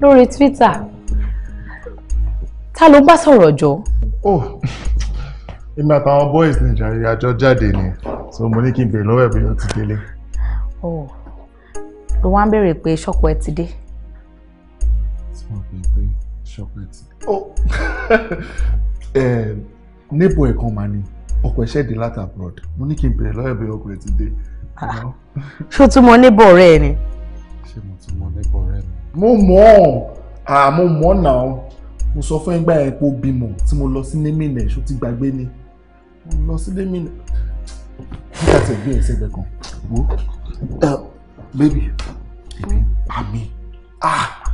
lórí Twitter ta ló ń bá sọ̀rọ̀ jọ. oh èmi àtàwọn boys ní ìjàre àjọ jáde ni so mo ní kí n bèrè lọ́wọ́ ẹ̀ bí wọ́n ti délé. ó oh, ló wá ń béèrè pé ṣọ́pù ẹ ti dé. tí wọ́n bèèrè pé ṣọ́pù ẹ ti dé. Oh, eh, níbo ẹ̀kan mà ni ọkọ̀ ẹ̀ṣẹ̀ dé láti abroad mo ní kí n bèrè lọ́wọ́ ẹ̀ ọkọ̀ ẹ ti dé. Ah, ṣó tún mọ níbo ọ̀rẹ́ ẹ ni. ṣé mo tún mọ níbo ọ̀rẹ́ mi. mo mọ̀ ọ́n ah, mo mọ̀ ọ́n náà mo sọ fún ẹgbẹ́ ẹ̀ pé ó bímọ tí mo lọ sí nímìnà ẹ̀ ṣó ti gbàgbé ni lọ sílé mi nà. nígbà tí ẹgbẹ́ ẹsẹ̀ ẹgbẹ́ kan wo bébì èmi àmì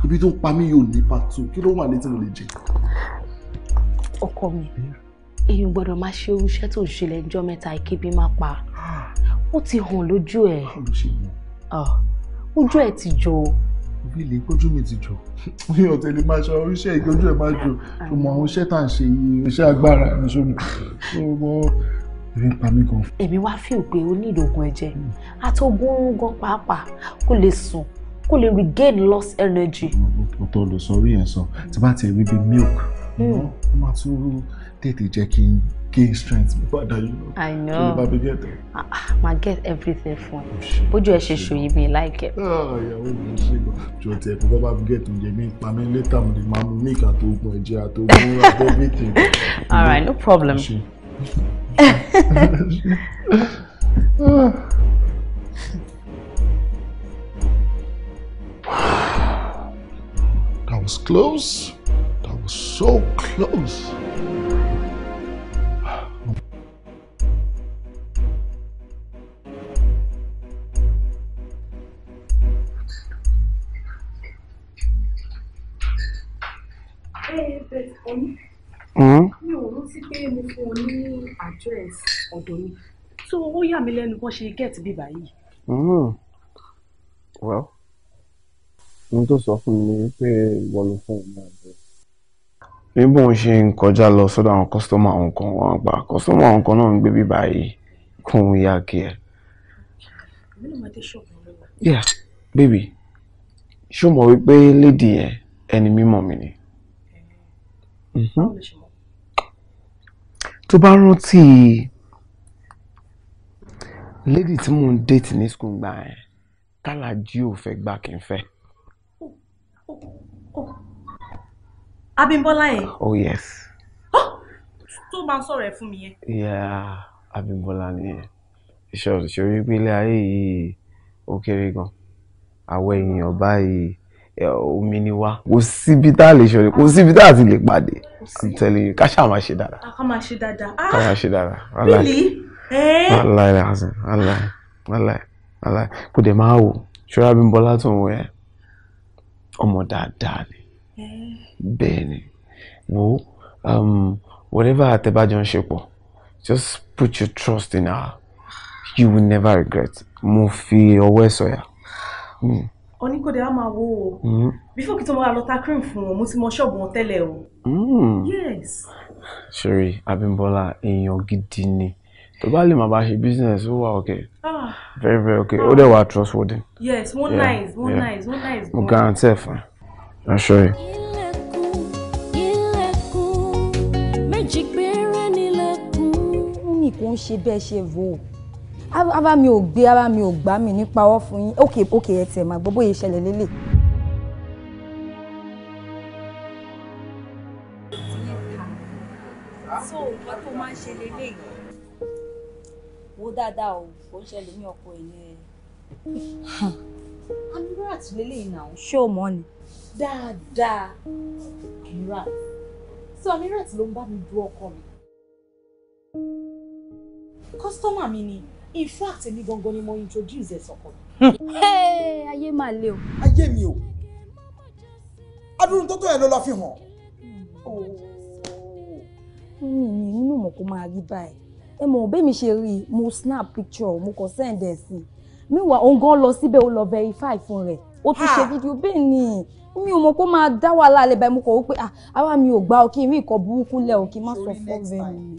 ibi tó ń pa mí yóò ní pàtó kí ló wà létí mo lè jẹ. ọkọ mi èyí gbọ́dọ̀ máa ṣe irú iṣẹ́ tó ń ṣe lẹ́jọ́ mẹ́ta ìkébí máa pa ah. ó ti hàn lójú ẹ̀ ah, ojú ẹ̀ ti jọ o ìbílẹ̀ ìpọ́jú mi ti jò mi ò tẹ̀lé máa ṣe oríṣẹ́ ìgbójú ẹ̀ máa jò ṣùgbọ́n àwọn iṣẹ́ tá à ń ṣe yìí iṣẹ́ agbára ẹ̀ ṣùgbọ́n ṣùgbọ́n èmi ń pa mí gan. èmi wá fíò pé o ní ìdògùn ẹ̀jẹ̀ àtọ̀gùn oorun gan pàápàá kó lè sùn kó lè regain lost energy. ọ̀tọ̀ ló sọ orí yẹn sọ tí bá ti rí bíi milk hmm. ó máa tún tètè jẹ́ kí n gain strength mi padà yìí lọ. I know. Ṣé o bá mi get ẹ? I ah, ah, get everything fún ẹ. Bójú ẹ ṣe ṣòyí me like it. Ah, mi yeah, ṣe gan. Ṣé o tiẹ̀ kó bá bá mi get oúnjẹ mi pa mí létà mo lè máa mú to àtògùn ẹ̀jẹ̀ àtògùn àtẹ̀bìtì. All right, no problem. That was close. That was so close. Hmm? mi ò rántí pé mo address ọ̀dọ̀ mi so ó yà mí lẹ́nu bó ṣe get bí báyìí. Hmm.
well ohun tó sọ fún mi ni pé ìwọ ló fún mi àjẹ. bí mò ń ṣe ń kọjá lọ sọ́dọ̀ àwọn kọ́sítọ́mù àwọn kan wọn àgbà
kọ́sítọ́mù àwọn kan náà ń gbé bí báyìí kún un yá kí ẹ. àmì baby ṣó mọ̀ wípé lady yẹn ẹni mímọ̀ mi ni. Mm-hmm. tó bá rántí lady tí mò ń date ní school gbà yẹn tálájí ò fẹ́ gbà kí n fẹ́. Oh, oh, oh. Abímbọ́lá yẹn. oh yes. tó máa ń sọ̀rọ̀ ẹ̀ fún mi yẹn. yeah Abímbọ́lá nìyẹn iṣẹ́ òṣèré pé ilé ayé yìí ó kéré gan-an àwọn èèyàn báyìí òmìnira kò síbi tá a lè ṣọ̀rẹ́ kò síbi tá a ti lè pàdé i'm telling you ká ṣáà máa ṣe dára. ká máa ṣe dáadáa. Ah, ká máa ṣe really. aláì aláì aláì aláì aláì kò dé máa wò ṣọ́ra bí bọ́lá tó ń wẹ̀ ọmọ dáadáa ni eh. bẹ́ẹ̀ ni wo um, whatever àtẹ̀bájọ́ ń ṣe pọ̀ just put your trust in her you will never regret mo fi ọwọ́ ẹ̀ sọ̀yà. Mm oníkóde á máa wo o mm. before kí máa lọ ta cream fún wọn mo ti mọ ṣọ́ọ̀bù wọn tẹ́lẹ̀ o. Mm. yes. ṣeré Abímbọ́lá èèyàn gidi ni tó bá lè máa bá ṣe business ó wà okay ah. very very okay ó dẹ̀ wà trustworthy. yes one nice one nice one nice. mo guarantee ẹ̀ fún ẹ I assure you.
ilẹ̀kùn méjì péré nílẹ̀kùn.
ó ní kò ń ṣe bẹ́ẹ̀ ṣe vò ó ara mi ò gbé ara mi ò gbá mi nípa ọwọ́ fún yín ókè ókè ẹ tiẹ̀ máa gbọ́ bóyá ìṣẹ̀lẹ̀ lélẹ̀. so nǹkan tó máa ń ṣe lélẹ̀ yìí wo dáadáa o kò ń ṣẹlẹ̀ ní ọkọ ìyẹn. amirat hmm. lélẹ́yìn náà. ṣé o mọ̀ ni. dáadáa amirat so amirat ló ń bá mi du ọkọ mi kọ́sítọ́mà mi ni in fact èmi gangan ni mo introduce ẹ sọkọ mi. ayé máa le o. ayé mi o adúrún tó tó yẹn ló lọ fi hàn. mi ni nínú mọ̀ kó máa rí báyìí ẹ mọ̀ bẹ́ẹ̀ mi ṣe rí mo snap picture mo kàn send ẹ̀ sí i meanwhile òun gan lọ síbẹ̀ ó lọ verify fún rẹ̀ ó tún ṣe fídíò bẹ́ẹ̀ ni mi ò mọ̀ kó máa dá wàhálà alẹ́ báyìí mo kọ̀ wípé ah, àwa mi ò gbà ọ kí n rí nǹkan burúkú lẹ̀ ọ kí n má sọ fún bẹ́ẹ̀ ni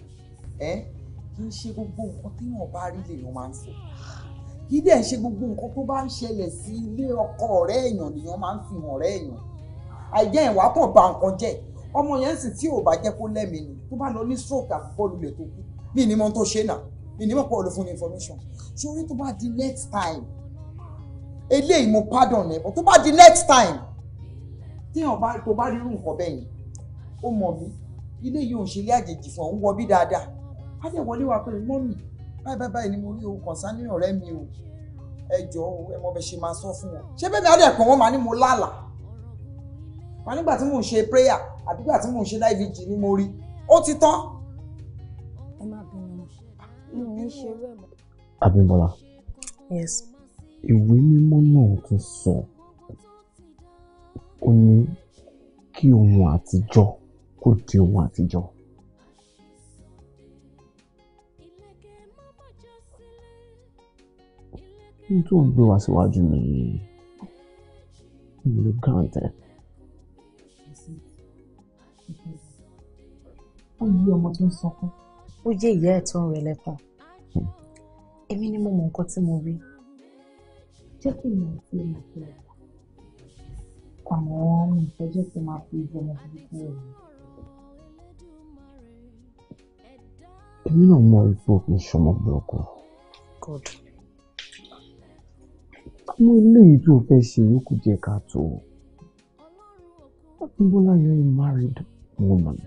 kì í ṣe gbogbo nǹkan téèyàn bá rí lèèyàn máa ń sọ kì í dẹ̀ ṣe gbogbo nǹkan tó bá ń ṣẹlẹ̀ sí ilé ọkọ ọ̀rẹ́ èèyàn nìyẹn máa ń fi hàn ọ̀rẹ́ èèyàn àìjẹ́ ìwà pọ̀ ba nǹkan jẹ́ ọmọ yẹn sì tí ò bá jẹ́ kó lẹ́mìí ni tó bá lọ ní stroke àbúbọ́ọ̀lù lè tó kú bí ni tó ṣe náà bí ni pọ̀ lọ fún ní information sórí tó bá di next time eléyìí mo pardon ẹ̀ bọ̀ tó bá di next time téèyàn bá tó bá rí irú nǹkan bẹ́ẹ̀ yẹn ó mọ̀ mí ilé yìí ò ń ṣe ilé àjèjì fún ọ ń wọ bí dáadáa á dẹ̀ wọlé wa pé mọ́mì báyìí báyìí báyìí ni mo rí o kọ̀ǹsánì ọ̀rẹ́ mi o ẹ jọ o ẹ mọ bẹ ṣe máa sọ fún wọn ṣé bẹ́ẹ̀ ni á dẹ̀ pọ̀ wọ́n máa ní mo lálàá wọn nígbà tí mò ń ṣe prayer àbí gbà tí mò ń ṣe live vg ni mo rí ó ti tán. ẹ má bínú yes. ìwé mímọ́ náà tún sọ ó ní kí ohun àtijọ́ kó di ohun àtijọ́. ní tó ń gbé wá síwájú mi yìí mi ló kàn tẹ. ó yí ọmọ tó ń sọkún ó jẹ́ ìyá ẹ̀ tó ń rẹ̀ lẹ́kàn hmm. èmi ni mo mọ nǹkan tí mo rí jẹ́ kí n mọ̀ sí ẹ̀yìn tó rẹ̀ àmọ́ nǹkan jẹ́ kí n máa fi ìbọn burúkú rẹ̀ mi. èmi náà mọ ipò kì í ṣọmọ burúkú. good àmọ́ eléyìí tó fẹ́ ṣe ó kù díẹ̀ káàtó
Abimbola you are a married
woman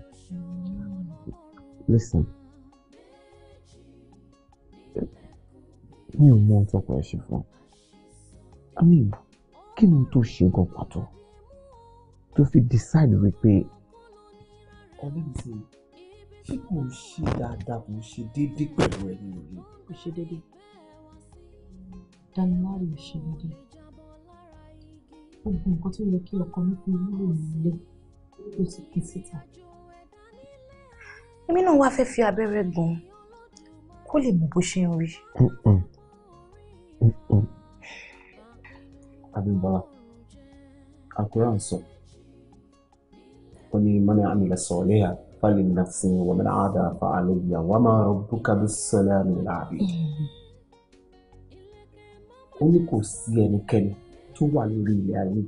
listen mi ò mọ ohun tó kọ ṣe fún I mean kí ni tó ṣe gan pàtó tó fi
decide wípé
ọdún tí ṣé kò ṣe dáadáa kò ṣe déédéé pẹ̀lú ẹni rẹ. kò ṣe déédéé. Donne-moi le chevalier. Gbogbo nǹkan tó yẹ kí ọkọ mi fi wúlò nílé ló ti pín síta. Èmi náà wá fẹ́ fi abẹ́rẹ́ gan-an kó lè mọ bó ṣe ń rí. Abímbọ́lá, àkúrà ń sọ, ó ní mọ́nà àmì lẹ́sọ̀ léyà. فلنفسي ومن عاد فعلي وما ربك بالسلام العبيد ó ní kò sí ẹnikẹ́ni tó wà lórí ilẹ̀ ayé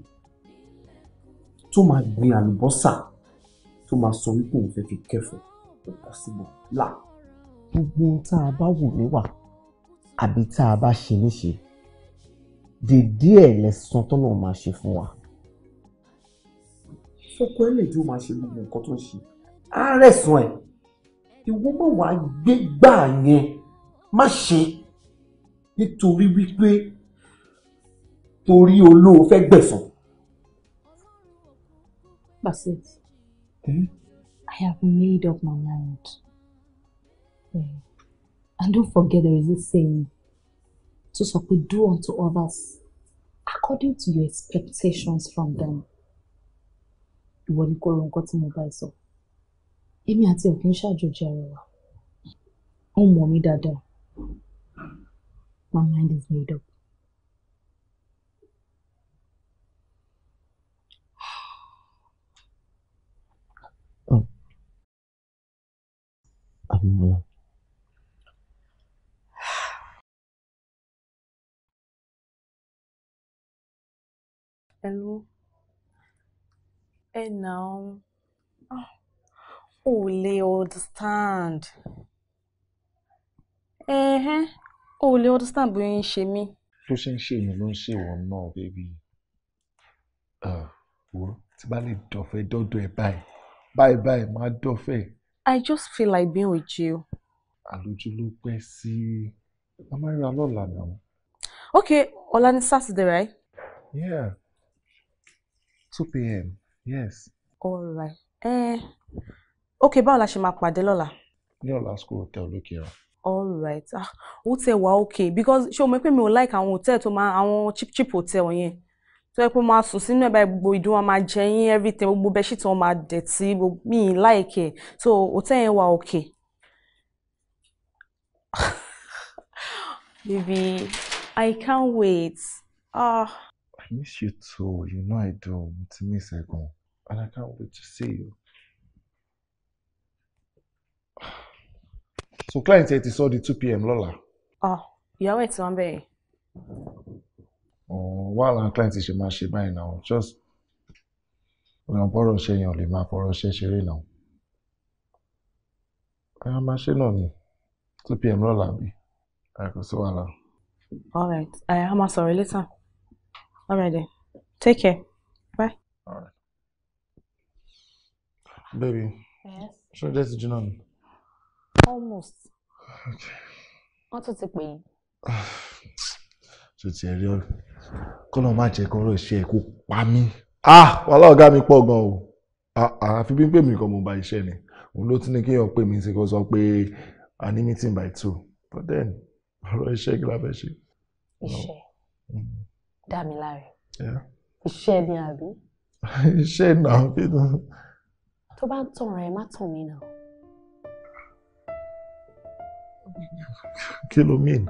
tó máa gbin àlùbọ́sà tó máa sọ wípé òun fẹ́ fi kẹ́fọ̀ọ́ impossible là. gbogbo tá a bá wù níwà àbí tá a bá ṣe níṣe dèdè ẹ̀ lẹ́sàn tọ́lọ́ máa ṣe fún wa. fọkọ ẹlẹ́jọ́ máa ṣe gbogbo nǹkan tó ń ṣe àárẹ̀sán ẹ̀ ìwọ mọ̀ wá gbégbá yẹn má ṣe nítorí wípé torí olóò fẹ́ gbẹ̀san. Basit, hmm? I have made up my mind. Yeah. And don't forget there is this saying to so we do unto others according to your expectations from them. Ìwọ ni kò rò nǹkan tí mo bá sọ. Èmi àti òkè ń ṣàjòjì ara wa. Ó mọ̀ mí dáadáa. My mind is made up.
magunguna. Hello. Hey
now. Oh, ah, le understand. Ẹ̀hẹ́n, o ò lè understand bóyá ń ṣe mí. Ló ṣe ń ṣe èèyàn ló ń ṣe ìwọ náà, bébí. Ah, wo tí bá lè dọ̀fẹ́ dọ́dọ̀ ẹ báyìí, báyìí báyìí máa I just feel like being with you. Àlójú ló pẹ́ sí. A máa ríra lọ́la Okay, ọ̀la ni Saturday, right? Yeah. 2 p.m. Yes. All right. Eh, okay, báwo la ṣe máa pàdé lọ́la? Ní ọ̀la school hotel lókè ọ. All right. Ah, ó tẹ̀ wá okay because ṣé o mọ̀ pé mi like àwọn hotel tó máa àwọn cheap cheap hotel yẹn tó yẹ pé máa sùn sínú ẹ̀ gbogbo ìdun máa jẹ yín everything gbogbo bẹ́ṣítì wọn máa dẹ̀tí mi ì láìkẹ̀ so òtẹ́ yẹn wà òkè. Baby, I can't wait. Ah. I miss you too. You know I do. Mo ti miss ẹ And I can't wait to see you. So client ẹ ti sọ di two pm lọ́la. Ah, ìyàwó ẹ̀ ti wọ́n bẹ̀rẹ̀. wà client ṣe máa ṣe just ọ̀nà bọ́rọ̀ ṣe yàn lè máa ṣeré náà ẹ̀rọ máa ṣe náà ni pm lọ́la bí àìkú sí all right i ma sorry later all take care bye. all right.
baby. yes. ṣé ti
almost. okay. ti kọ́lọ̀ má jẹ́ kọ́ ọ̀rọ̀ iṣẹ́ ẹ̀ kó pa mí. ah wàhálà ọ̀gá mi pọ̀ gan o àfi bí ń pè mí kan mo ba iṣẹ́ ni òun ló ti ní kéèyàn pè mí sí kó sọ pé a ní meeting by two but then ọ̀rọ̀ iṣẹ́ kí la fẹ́ ṣe. iṣẹ́ mm-hmm.
Dámiláre iṣẹ́ ni àbí.
iṣẹ́ náà bí tó.
tó bá ń tàn rẹ̀ má tàn mí náà. kí ló mean.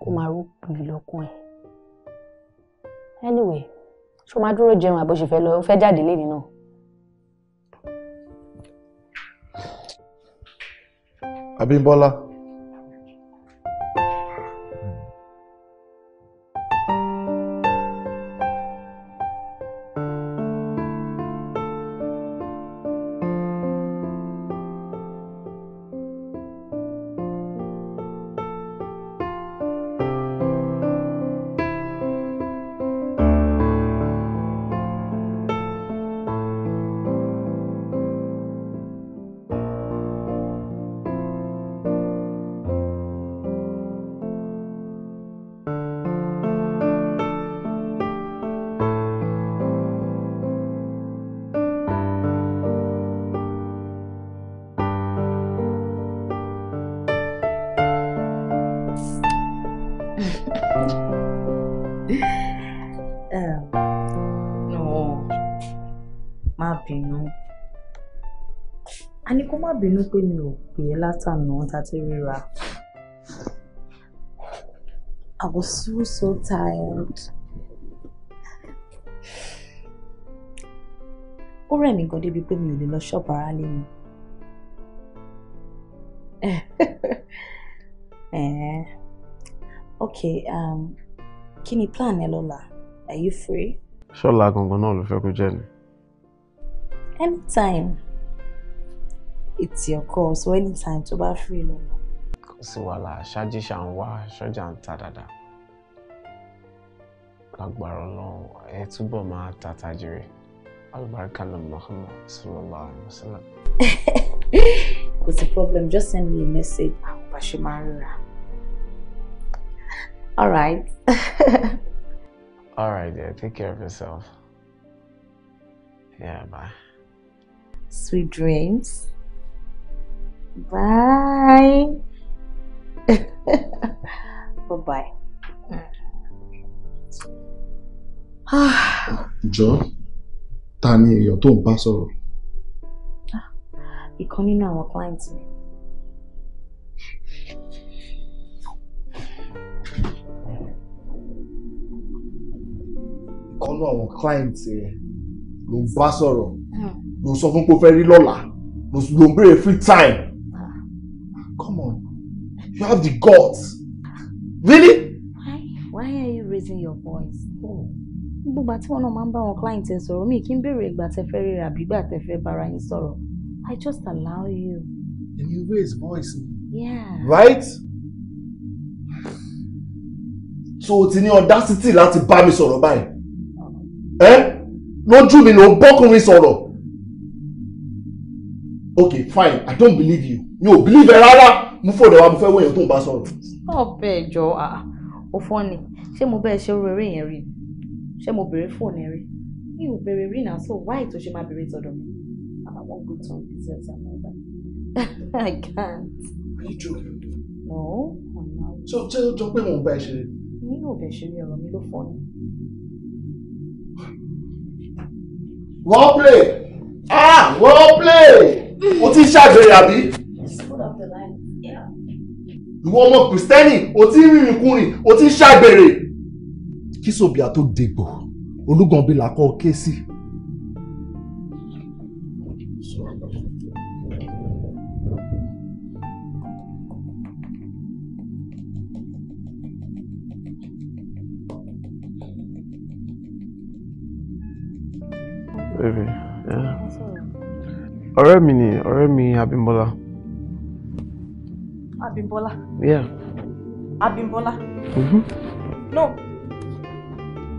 kó máa rú pè lọ́kùn anyway ṣó máa dúró jẹun àbó ṣe fẹ́ lọ fẹ́ jáde lẹ́yìn
náà. Abímbọ́lá. látàná tá a ti ríra. I was so so tired. Ó rẹ̀ mí gan débi pé mi ò lè lọ ṣọ́ọ̀bù ara lé mi. Eh. Okay, um,
kí ni plan ẹ lọ́la? Are you free?
Ṣọ́la gangan náà ló fẹ́ kó jẹ́ ni. Anytime. it's your call so anytime tó be free no.
kò wala shaji ṣáájú shaji ń wá ṣọ́jà ń ta dáadáa lágbára ọlọ́run ẹ túbọ̀ máa tata jèrè alùbáríkà
lọ Muhammad sallallahu alaihi wasallam. kò sí problem just send me a message àwọn ah, bá ṣe máa ń right.
All right, Yeah. Take care of yourself. Yeah, bye.
Sweet dreams. Bye. Bye-bye.
Jọ, ta ni èèyàn tó ń bá sọ̀rọ̀?
Ah, ìkan nínú àwọn clients mi.
Ìkan nínú àwọn clients ẹ̀ ló ń bá sọ̀rọ̀. Ló hmm. sọ fún pé ó fẹ́ rí lọ́la. Ló ń béèrè free time. Come on. You have the guts. Really?
Why? Why are
you raising your voice? Oh, ìgbà tí wọn náà máa ń bá wọn client ẹ sọ̀rọ̀ mi kí n béèrè ìgbà tẹ fẹ́ rírà àbí ìgbà tẹ fẹ́ bára yín I just allow you. And you raise voice. Yeah. Right? So o ti ní audacity láti bá mi Soro, báyìí. Oh. Eh? lójú mi ló ń bọ́kùnrin Soro. Okay, fine. I don't believe you mi ò believe ẹ rárá mú fòdà wa mo fẹ́ wọ̀nyẹn tó ń bá sọ̀rọ̀. ọbẹ̀ ìjọ òfò ni ṣé mo bẹ́ẹ̀ ṣe orú eré yẹn rí ṣé mo béèrè fóònù ẹ rí mi ò béèrè rí náà so why tó ṣe máa béèrè tọ̀dọ̀ mi ah, I wan go turn business and all that I can't. are you joking? no I'm not. ṣé ṣé o jọ pé mo ń bá ẹ ṣeré. mi ò bẹ̀ ṣeré ọ̀rọ̀ mi ló fọ́ ni. wọ́n play ah wọ́n play o ti ṣàgbéyàbí ìwọ ọmọ kìrìsìtẹ́nì o ti ń rìnrìn kùnrin o ti ń ṣàgbèrè. kí sobia tó dégbò olúganbi làkọ́ ké sí. Baby, yeah. Ọ̀rẹ́ mi ni ọ̀rẹ́ mi Abímbọ́lá. Abimbola. Yeah. Abimbola. Mm-hmm. No.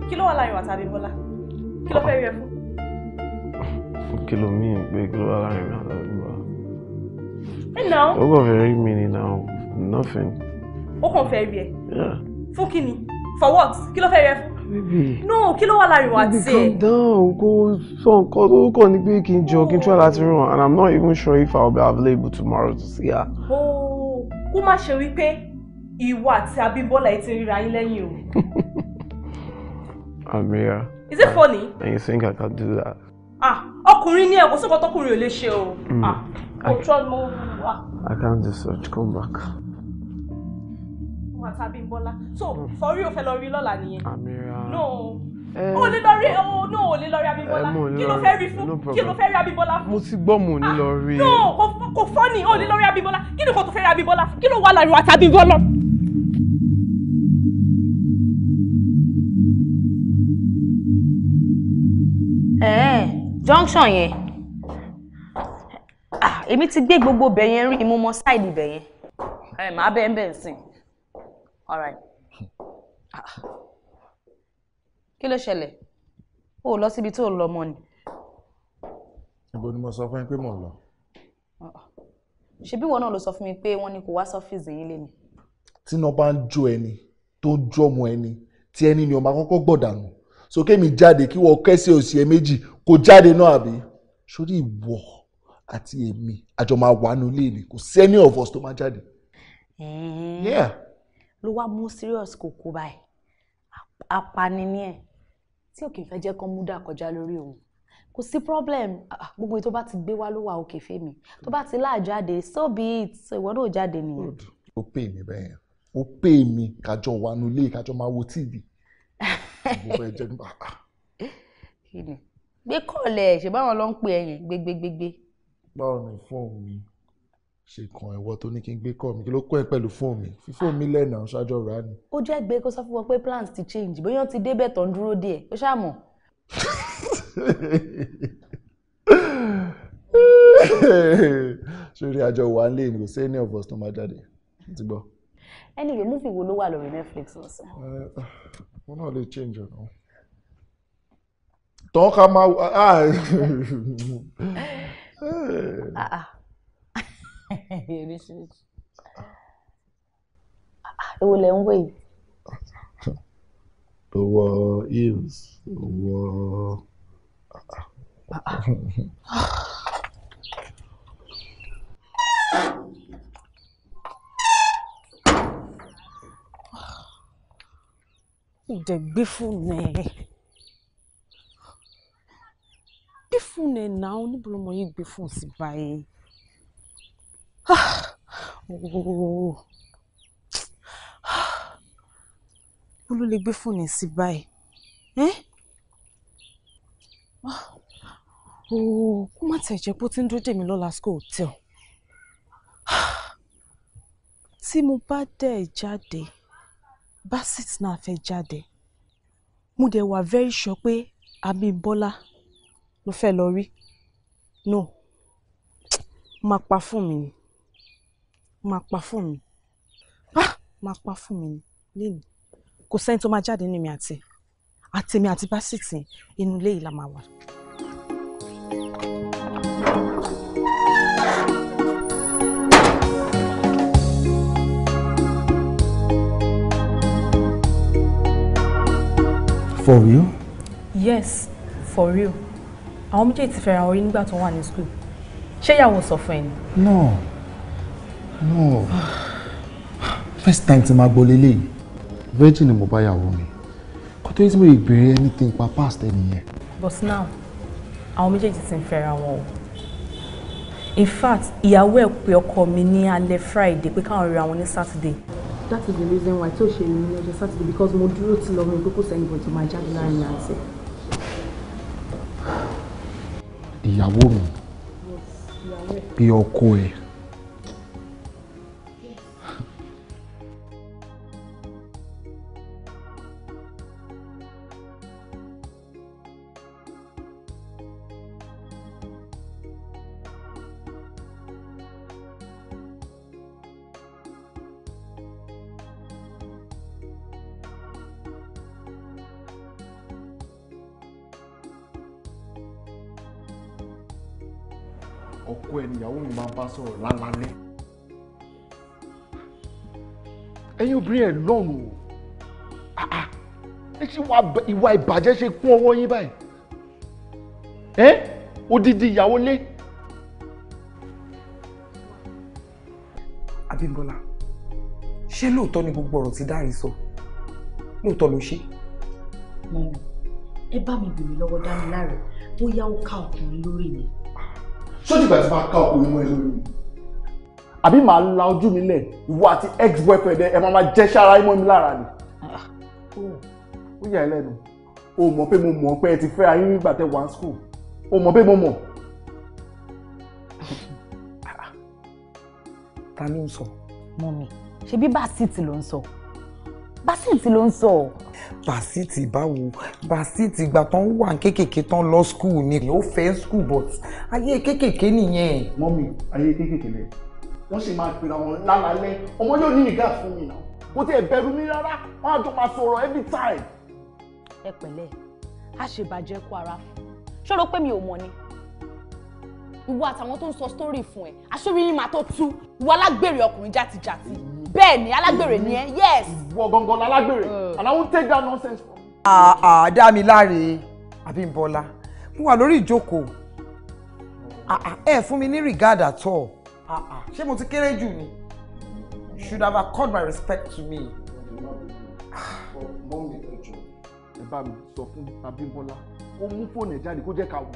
Kí ló wà láàrin wàtà Abimbola? Kí ló fẹ́ rí ẹ fún? Kí ló mí pé kí ló wà láàrin wàtà Abimbola? Ẹ nà ó. Ó kàn fẹ́ rí mi o, nothing. Ó kàn fẹ́ Yeah. ẹ. Fún For what? Kí ló Baby. No, kí ló wà láàrin wa down, kò sọ nǹkan tó
kàn ní pé kí n jọ kí n try láti ràn and I'm not even sure if I'll be available tomorrow to see her.
Oh kó má ṣe wípé ìwọ àti Abímbọ́lá ẹ ti ríra yín lẹ́yìn o. Amira. Is it funny? And you think I can do that? Ah, ọkùnrin ni ẹ kò sọ́kọ̀ tọkùnrin ò lè ṣe o. Mm. Ah, kò trọ́ mo wà. I can't do such come back. Wọ́n àti Abímbọ́lá. So, mm. for real fẹ́ lọ rí lọ́la nìyẹn. Amira. No o lè lọ rí no o lè lọ rí Abímbọ́lá kí ló fẹ́ rí fún kí ló fẹ́ rí Abímbọ́lá fún. mo ti gbọ́ mo ní ah, lọ rí. no kò fọ́ọ̀nì o lè lọ rí Abímbọ́lá kí ló kò tó fẹ́ rí Abímbọ́lá fún kí ló wà láàrin wa tàbí ẹ̀ẹ́n eh, junction yẹn ah, èmi ti gbé gbogbo bẹ̀ yẹn rí mo mọ ṣáìdì bẹ̀ yẹn
eh,
ẹ̀ máa bẹ́ẹ̀ bẹ́ẹ̀ sìn
all right. Ah, kí ló ṣẹlẹ̀ o ò lọ síbi tó o lọ mọ́ ni.
ibo ni mo sọ fún yín pé mò ń lọ.
Ah, ah. ṣebí ìwọ náà ló sọ fún mi pé wọ́n ní kò wá sọ́fíìsì yín lé ni. tí iná bá ń jó ẹni tó ń jó ọmọ ẹni tí ẹni ni ọmọ akọ́kọ́ gbọ̀dànù sókè mi jáde kí wọ́n kẹ́sì òsì ẹ méjì kò jáde náà àbí sórí ìwọ àti èmi àjọ máa wà nínú ilé ni kò sí any of us tó máa jáde. ló wá mú serious kò kú báyìí apani ní ẹ̀ tí ò kì í fẹ́ jẹ́ kán mú dà kọjá lórí òun kò sí problem ah, ah, gbogbo tó bá ti gbé wá ló wà òkè fèmí tó bá ti láàjáde so be it so ìwọ náà jáde nìyẹn. ó pè mí bẹ́ẹ̀ yẹn ó pè mí kájọ wà nulẹ̀ kájọ máa wo tv mo fẹ́ jẹ́ nípa. Ah. gbé kọ́ọ̀lẹ̀ ṣe báwọn ló ń pè ẹ̀yìn gbégbégbé. báwo ni fóònù mi ṣe kan ẹ̀wọ́ tó ní kí n gbé kọ́ mi kí ló kọ́ ẹ pẹ̀lú fóònù mi fi fóònù mi lẹ́nà ṣáájú ọ̀rọ̀ á ní. ó jẹ́ gbé kó sọ fún wọn pé plans ti change bóyá ti débẹ̀ tó ń dúró díẹ̀ ó ṣàmọ̀. sórí àjọ wà lé ní kò sí any of us tó máa jáde ti gbọ́. anyway movie wo ló wà lórí Netflix ọ̀sán. mo náà lè change ọ̀nà tán ká máa.
Ah, ah. Ah, oríṣiríṣi èwo lẹ ń wò yìí.
ó wọ heels ó wọ. dẹ̀ gbé fóònù ẹ̀ gbé fóònù ẹ̀ náà oníbùrọ̀mọ̀ yìí olú lè gbé fóònù ẹ̀ sí báyìí kó má tẹ̀ jẹ́ pé ó ti ń dúró dè mí lọ́la school hotel tí mo bá dẹ̀ jáde basit náà fẹ́ jáde mo dẹ̀ wà very sure pé Abímbọ́lá ló fẹ́ lọ rí no máa pa fún mi ni máa pa fún mi ah máa pa fún mi lẹ́nu kò sẹ́ni tó máa jáde nínú mi àti àtèmi àti básítì inú ilé yìí la máa wà. For real? Yes, for real. Àwọn méjèèjì ti fẹ́ràn orí nígbà tó wà ní school. Ṣé ìyàwó sọ fún ẹ ni?
No no
first time ti ma gbọ́ lélẹ́yìí virgin in mo bá yàwó mi kó tó yẹ tí mo anything pa past ẹnìyẹn. but now àwọn méjèèjì ti ń fẹ́ra wọn in fact ìyàwó ẹ̀ pé ọkọ mi ní alẹ́ friday We can't ríra on ní saturday. that is the reason why tí ò ṣe ní ní ọjọ́ saturday because mo love me. lọ́mọ ìgbókò sẹ́yìn to my jáde láàrin àti. ìyàwó mi bí ọkọ ẹ̀. ọkọ ẹnìyàwó mi máa bá sọ̀rọ̀ lálálẹ́ ẹ̀yin obìnrin ẹ̀ lọ́rùn o ah, ah. ẹ ṣe ìwà ìbàjẹ́ ṣe kún ọwọ́ yín báyìí ẹ odidi ìyàwó lé. Abímbọ́lá ṣé lóòótọ́ ni gbogbo ọ̀rọ̀ tí Dáre sọ lóòótọ́ ló ṣe. mọ́mí ẹ bá mi bèrè lọ́wọ́ Dámiláre bóyá ó ká ọkùnrin lórí mi ṣó dìgbà tí máa ká ọkùnrin mọ́ ẹ lórí mi. àbí màá la ojú mi lẹ̀ ìwọ àti ex boyfriend ẹ máa máa jẹ́ sára mọ́ mi lára ni. ó yà ẹ́ lẹ́nu o mọ̀ pé mo mọ̀ pé ẹ ti fẹ́ ayé nígbà tẹ wá school o mọ̀ pé mo mọ̀. ta ló ń sọ. mọ́mì ṣebí bá síìtì ló ń sọ bá síìtì ló ń sọ Basiti báwo Basiti ìgbà tán wà kéékèèké tán lọ school ni ó fẹ́ school but ayé kéékèèké nìyẹn. mọ́mí ayé kéékèèké lẹ̀ wọ́n sì máa pèrè àwọn ńlá lálẹ́ ọmọ yóò ní ìgá fún mi náà kò tiẹ̀ bẹ̀rù mi rárá wọ́n á jọ máa sọ̀rọ̀ every time. ẹ pẹ̀lẹ́ a ṣèbàjẹ́ kó ara ṣọ́rọ́ pé mi ò mọ̀ ni ìwọ àtàwọn tó ń sọ sítórì fún ẹ aṣọ́rí yín máa tó tú ìwọ alágbèrè ọkùnrin játijàti bẹ́ẹ̀ ni alágbèrè ni ẹ yes. wọ gangan lálágbèrè oh. and i won't take that nonsense from you. àà Dámiláre Abímbọ́lá mo wà lórí ìjókòó ẹ fún mi ní regard at all ṣé mo ti kéré jù ni should have accord my respect to me. ẹ bá mi sọ fún Abímbọ́lá ó mú fóònù ẹ̀ jáde kó jẹ́ ká wò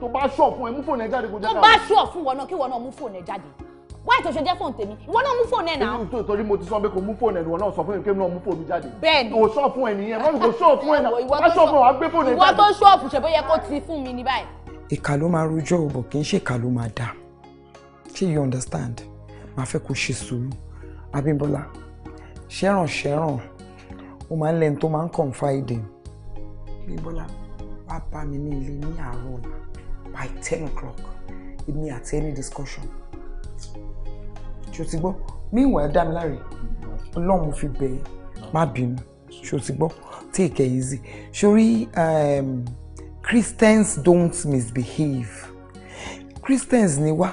tó bá ṣọ̀ fún ẹ mú fóònù ẹ̀ jáde kó jẹ́ ká wò. tó bá ṣọ̀ fún wọn náà kí wọn náà mú fóònù ẹ̀ jáde wáyé tó ṣe jẹ́ fóònù tèmi ìwọ náà mú fóònù ẹ̀ náà. èmi torí mo ti sọ pé kò mú fóònù ẹ̀ ìwọ náà sọ fún mi pé mi náà mú fóònù jáde. bẹ́ẹ̀ni kò sọ fún ẹ nìyẹn wọn kò sọ fún ẹ náà wọn sọ fún ẹ wàá gbé fóònù ẹ jáde. ìwọ tó ṣọ́ọ̀fù ṣe bóyá kó ti fún mi ní báyìí. ìkà ló máa rojọ́ òbò kì í ṣe ìkà ló máa dà ṣé you understand máa fẹ́ kó ṣe sùúrù Abímbọ́lá ṣẹ́ràn ṣẹ́ràn ó máa ń lẹ́ni tó máa ń confide in Abímbọ́lá wàá bá mi ní ilé ní àárọ̀ ọ̀la by ten o'clock èmi àti any discussion ṣó ti gbọ́ meanwhile Dámiláre ọlọ́run mo fi bẹ̀ ẹ́ ah. má bínú ṣó ti gbọ́ take it easy sórí um, Christians don't misbehave Christians ni wá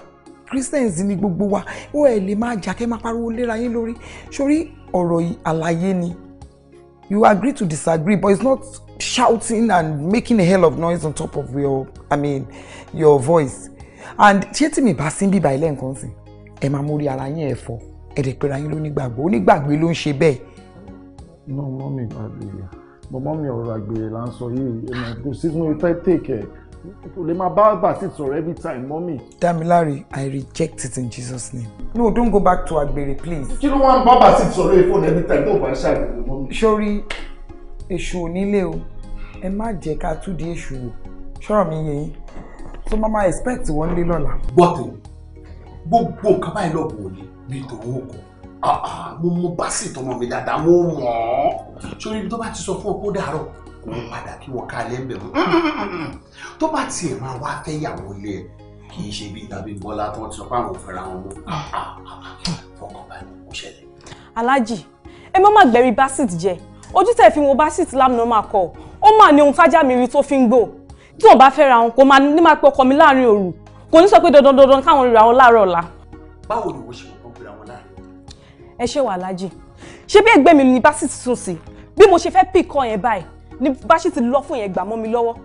Christians ni gbogbo wa ó ẹ lè máa jà kẹ́ máa pariwo léra yín lórí sórí ọ̀rọ̀ àlàyé ni you agree to disagree but it's not shouting and making a hell of noise on top of your i mean your voice and ṣé tí mi bá sí bíbá ilé nǹkan sìn ẹ máa mórí ara yín ẹ fọ ẹ dẹ̀ pera yín lónígbàgbọ́ onígbàgbé ló ń ṣe bẹ́ẹ̀. no mọ́mí àgbèrè bọ́ mọ́mí ọ̀rọ̀ àgbèrè là ń sọ yìí èmi kò sí fún ìfẹ́ tèkẹ́ kò lè máa bá àgbà sí sọ̀rọ̀ every time mọ́mí. Damilare I reject it in Jesus name. no don't go back to àgbèrè please. kí ló wá ń bá àgbà sí sọ̀rọ̀ èyí fún every time tó bá ṣàgbèrè mọ́mí. sórí èṣù onílé o ẹ má jẹ́ ká tún di èṣù wò ṣọ́rọ̀ mi yẹn yín tó máa expect wọn lé lọ́la. gbọ́tẹ̀ gbogbo nǹkan báyìí lọ bò ní nítorí owó kan ah, ah, mo mọ báàsì tọmọ mi dáadáa mo mọ ọ sórí ibi tó bá ti sọ fún ọ kó dàárọ̀ kò ń padà kí wọn ká lẹ́ńbẹ̀ mọ́ tó bá tiẹ̀ máa wá fẹ́ yàwó lé ẹ kì í ṣe bí tàbí bọ́lá tó ti sọ pé àwọn òfin ra wọn mọ́ ah, fọkànbalẹ̀ kò ṣẹlẹ̀. aláàjì ẹ má má gbẹ̀rí basit jẹ ojú tẹ̀ fi wọn basit lámìnà máa kọ ó máa ní ohun tájà mi rí tó fi ń gbò tí wọn bá fẹ́ ra wọn kò máa ní máa pọkàn mi láàrin òru kò ní sọ pé dandan dandan káwọn ríra wọn láàárọ̀ ọ̀la. báwo ni wo ṣe kọ́kọ́ gbéra wọn láàárọ̀. ẹ ṣe wà lájì ṣé bí ẹgbẹ́ mi ni bá sì ti sùn sí bí mo ṣe fẹ́ pìkọ́ yẹn báyìí ni bá sì ti lọ fún yẹn gbà mọ́ mi lọ́wọ́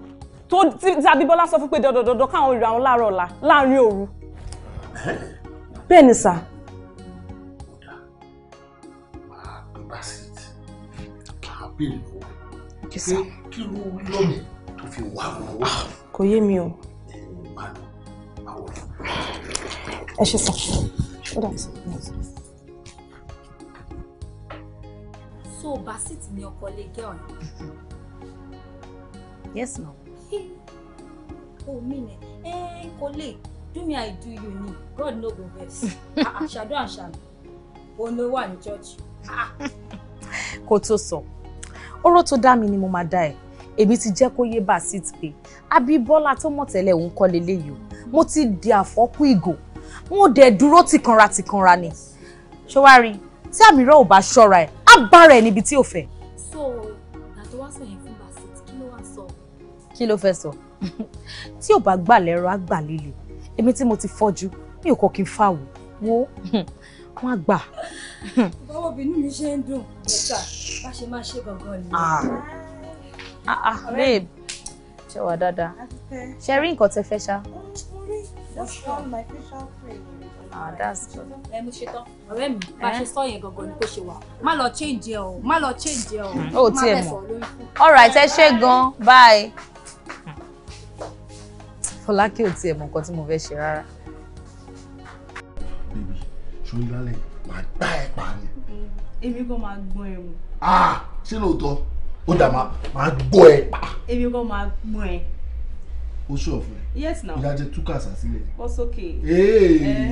tó tí Abíbọ́lá sọ fún pé dandan dandan káwọn ríra wọn láàárọ̀ ọ̀la láàárín òru. bẹ́ẹ̀ ni sà. kí ló lọ́nà tó fi wà wọ́n. kò yé mi o máa wọ̀. ẹ ṣe sọ ó so basit ni ọkọ lè yes ma'am. Oh, mi eh, ẹ kò do me i do you ni god no go best. àṣàdó àṣàmì òun ló wà ní church. Ah, ah. kò tó sọ ọ̀rọ̀ da dá mi ni mo máa dá èmi ti jẹ́ kó yé bá sit pay Abíbọ́lá tó mọ̀ tẹ́lẹ̀ òun kọ́ leléyìí o mo ti di àfọ́kù ìgò mo dẹ̀ dúró tìkanra tìkanra ni ṣé wàá rí tí àmìrán ò bá ṣọ́ra ẹ̀ á bá rẹ̀ níbi tí ò fẹ́.
so
ìgbà tó
wá sọ yẹn fún basit kí ló wá sọ. kí ló fẹ́ sọ tí ò bá gbà lẹ́rọ á gbà líle èmi tí mo ti fọ́jú mi ò kọ́ kí n fàwọ̀ wo wọn á gbà. báwo bínú mi ṣe ń dùn lẹ́tà bá ṣe máa ṣe gangan nìyẹn. Ah
ah ah babe ṣe wà dáadáa ṣe rí nǹkan tẹ fẹ́ ṣá. Ah, that's good. Ẹ mo
Ọ̀rẹ́ mi, bá eh? ṣe sọ yẹn gangan ni kò ṣe wà. Má lọ change ẹ má lọ change ẹ o. ti ẹ̀ mọ̀. All right, ẹ ṣe gan bye. Fọlákẹ́ ò ti ẹ̀ mọ̀ nǹkan tí mo fẹ́ ṣe rárá. Bébí, ṣùgbọ́n lálẹ́ màá gbá ẹ̀ pa ni. Èmi kò máa gbọ́n ẹ̀wọ̀n. Ah, ṣé lóòótọ́? ó dà máa gbọ́ ẹ. èmi kò máa gbọ́ ẹ. o ṣù ọ̀fun. yes na. ìyá jẹ túkà sàsílẹ̀. ó sókè. Yeah.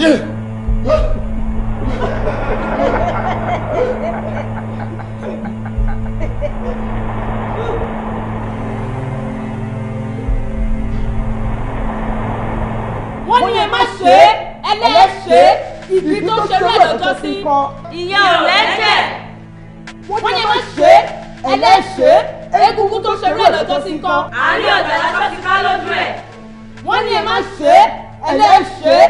wọ́n ní ẹ
má ṣe é ẹlẹ́ṣẹ̀ ìdí tó ṣe rẹ̀ lọ́jọ́ sí
ìyẹn ò lẹ́ṣẹ̀
wọ́n ní ẹ má ṣe é ẹlẹ́ṣẹ̀ egungun tó ṣe rẹ̀ lọ́jọ́ sí nǹkan. àárín ọ̀dà lásán ti bá lójú ẹ̀. wọ́n ní ẹ má ṣe é ẹlẹ́ṣẹ̀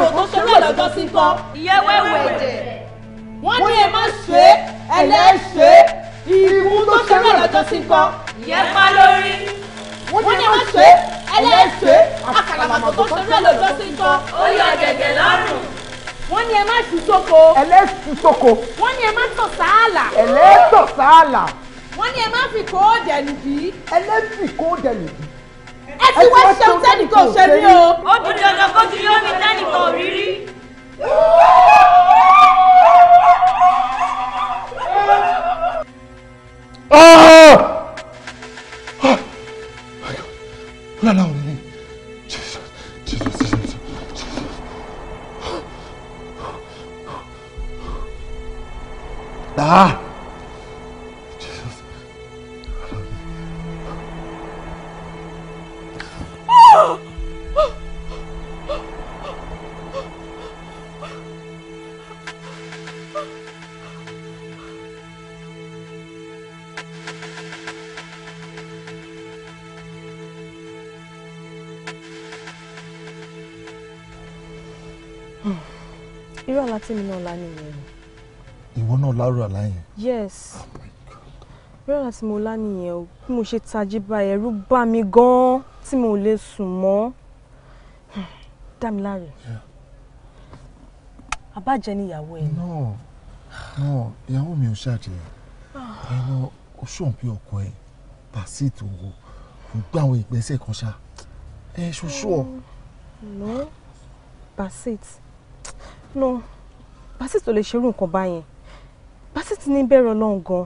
àrò tó ṣerú ọ̀lọ́jọ́ sí kan. ìyẹ́wò ẹ̀wẹ̀ ẹ̀jẹ̀. wọ́n ní ẹ má ṣe é ẹlẹ́ṣẹ̀ ìmú
tó ṣerú ọ̀lọ́jọ́ sí kan. ìyẹ́pá lórí. wọ́n ní ẹ má ṣe é ẹlẹ́ṣẹ̀
àkàlàmàgbò tó ṣerú ọ̀lọ́jọ́ sí kan. ó yọ gẹ̀gẹ̀ lọ́rùn. wọ́n ní ẹ má ṣù sóko. ẹlẹ́ṣù sóko. wọ́n ní ẹ má tọ̀ sáàlà. ẹlẹ́tọ̀ sáàlà. wọ́n ní ẹ má fi kó dẹ̀nù bí. ẹlẹ́fì kó dẹ̀nù bí
ti wá ṣeun tẹ́nìkan ṣe rí o.
ó di dandan kó ti yóò ní tẹ́nìkan òrírí. Lọ́la Ah! ah! yes rẹ́rà tí mo lá nìyẹn o bí mo ṣe tají bá ẹ̀rù bá mi gan-an tí mo lè sùn mọ́ Dámiláre abájẹ níyàwó ẹ. náà náà ìyàwó mi ò ṣàjẹ́ ah. ẹ̀rọ oṣooṣù ọkọ ẹ̀ basit òwò kò gbá àwọn ìgbésẹ̀ kan ṣá ẹ ṣoṣo ọ. Oh. no basit no basit ò lè ṣerú nǹkan báyẹn Basit ní bẹ̀rẹ̀ ọlọ́run gan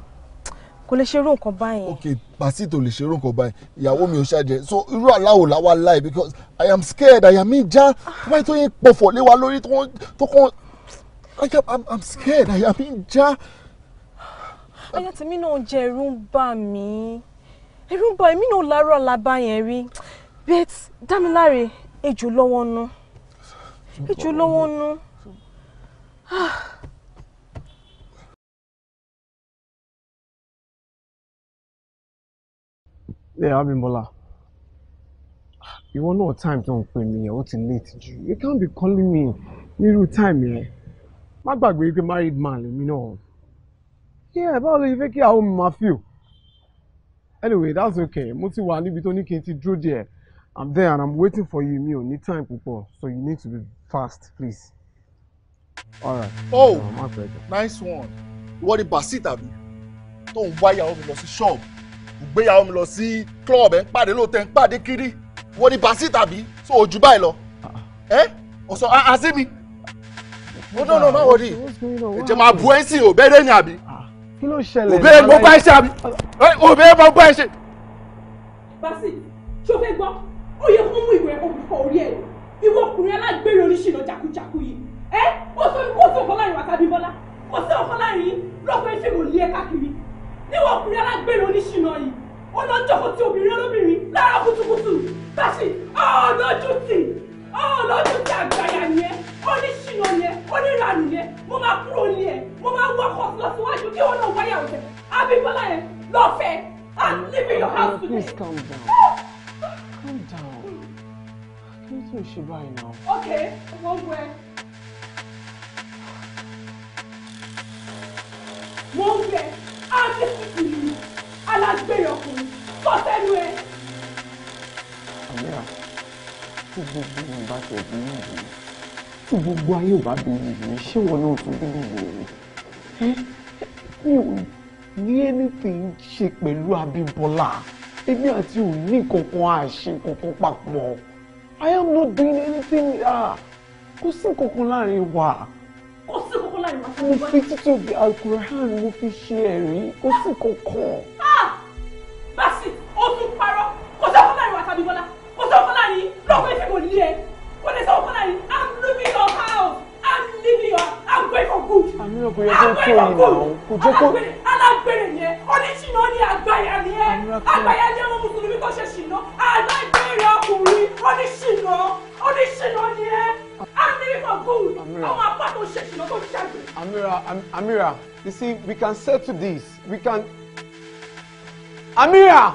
kò lè ṣerú nǹkan báyìí. ok Basit ò lè ṣerú nǹkan báyìí ìyàwó mi ò ṣàjẹ so irú aláwò làwa láì because I am scared àyà mi já wáyé tó yẹn pọ̀fọ̀ lé wa lórí tó kàn I am scared àyà mi já. àyà tèmi náà jẹ ẹ̀rù ń bà mí ẹ̀rù ń bà mí náà láàárọ̀ làbá yẹn rí bet Dámiláre ejò lọ́wọ́ nú ejò lọ́wọ́ nú. ẹ Abímbọ́lá ìwọ náà time tó ń pè mí yẹn ó ti late jù you can't be calling me nírú time yẹn má gbàgbé pé married man lèmi know. yeah but lè fẹ́ kí àwọn my máa anyway that's okay mo ti wà níbi tó ní kí n ti i'm there and i'm waiting for you me. ò ní time púpọ̀ so you need to be fast please. All right. oh um, nice one What a basit àbí Don't buy your own mi lọ sí gbéyàwó mi lọ sí club ẹ̀ ń pàdé lóòótọ́ ń pàdé kiri wọ́n ní bàásì tàbí so ojú báyìí lọ ẹ́ ọ̀sán àṣẹ mi ó dọ̀nà má wọlé ìjẹ́ máa bu ẹ́sìn òbẹ́rẹ́ ni àbí kí ló ṣẹlẹ̀ òbẹ́rẹ́ mo bá ẹ ṣe àbí òbẹ́rẹ́ mo bá ẹ ṣe. bàásì ṣó fẹ́ gbọ́ ó yẹ kó mú ìwé ẹ̀kọ́ kọ orí ẹ̀ ìwọ ọkùnrin alágbèrè oníṣìnà jàkújàkú yìí ẹ ó sọ kó sí ọ̀kan láàrin wàtàbí bọ́lá kó sí ọ̀kan láàrin lọ́pọ̀ ẹ̀ṣẹ̀ kò lé ẹ káàkiri níwọ̀n ọkùnrin alágbèrè oníṣìnà yìí ó lọ jókòó ti obìnrin olóbìnrin lára kùtùkùtù tàṣì ọ̀ọ́lọ́jú tì ọ̀ọ́lọ́jú tì àgbàyà yẹn oníṣìnà yẹn oníranù yẹn mo máa kúrò ní ẹ mo máa wọ ọkọ̀ lọ́síwájú kí wọn náà wáyà ọ̀tẹ̀ abíbọ́lá yẹn lọ́fẹ̀ẹ́ and leave your house today. Please calm
down.
calm down. Kí ló ṣe báyìí náà? Okay, wọ́n gbẹ. Wọ́n gbẹ alágbèrèkùn sọ́tẹ́nu ẹ. àmìrà tí gbogbo mi bá tẹ̀ bí ìlú tí gbogbo ayé ò bá bí ìlú ṣé wọn náà tún bí ìlú rẹ mi ò ní anything ṣe pẹ̀lú Abímbọ́lá èmi àti ò ní kankan àṣe kankan papọ̀ I am not doing anything kò sí kankan láàrin wa kò sí kókó láì máa fún mi. mo fi títí alukur'an mo fi ṣe ẹ̀rí kò sí kókó. Ah! o tún parọ́ kò sí ọkọ láàrin wa tàbí bọ́lá kò sí ọkọ láàrin lọ́kọ̀ ìfẹ́ mo lé ẹ kò lè sọ ọkọ láàrin i'm looking for house leave me on i'm going for good i'm going for good alágbèrè alágbèrè yẹn oníṣìná ni àgbáyà ni ẹ àgbáyà ni ọmọ mùsùlùmí kò ṣe ṣìná alágbèrè ọkùnrin oníṣìná oníṣìná ni ẹ i'm leaving for good àwọn apá tó ṣe ṣìná tó ṣàgbé. amira amira you see we can settle this we can amira.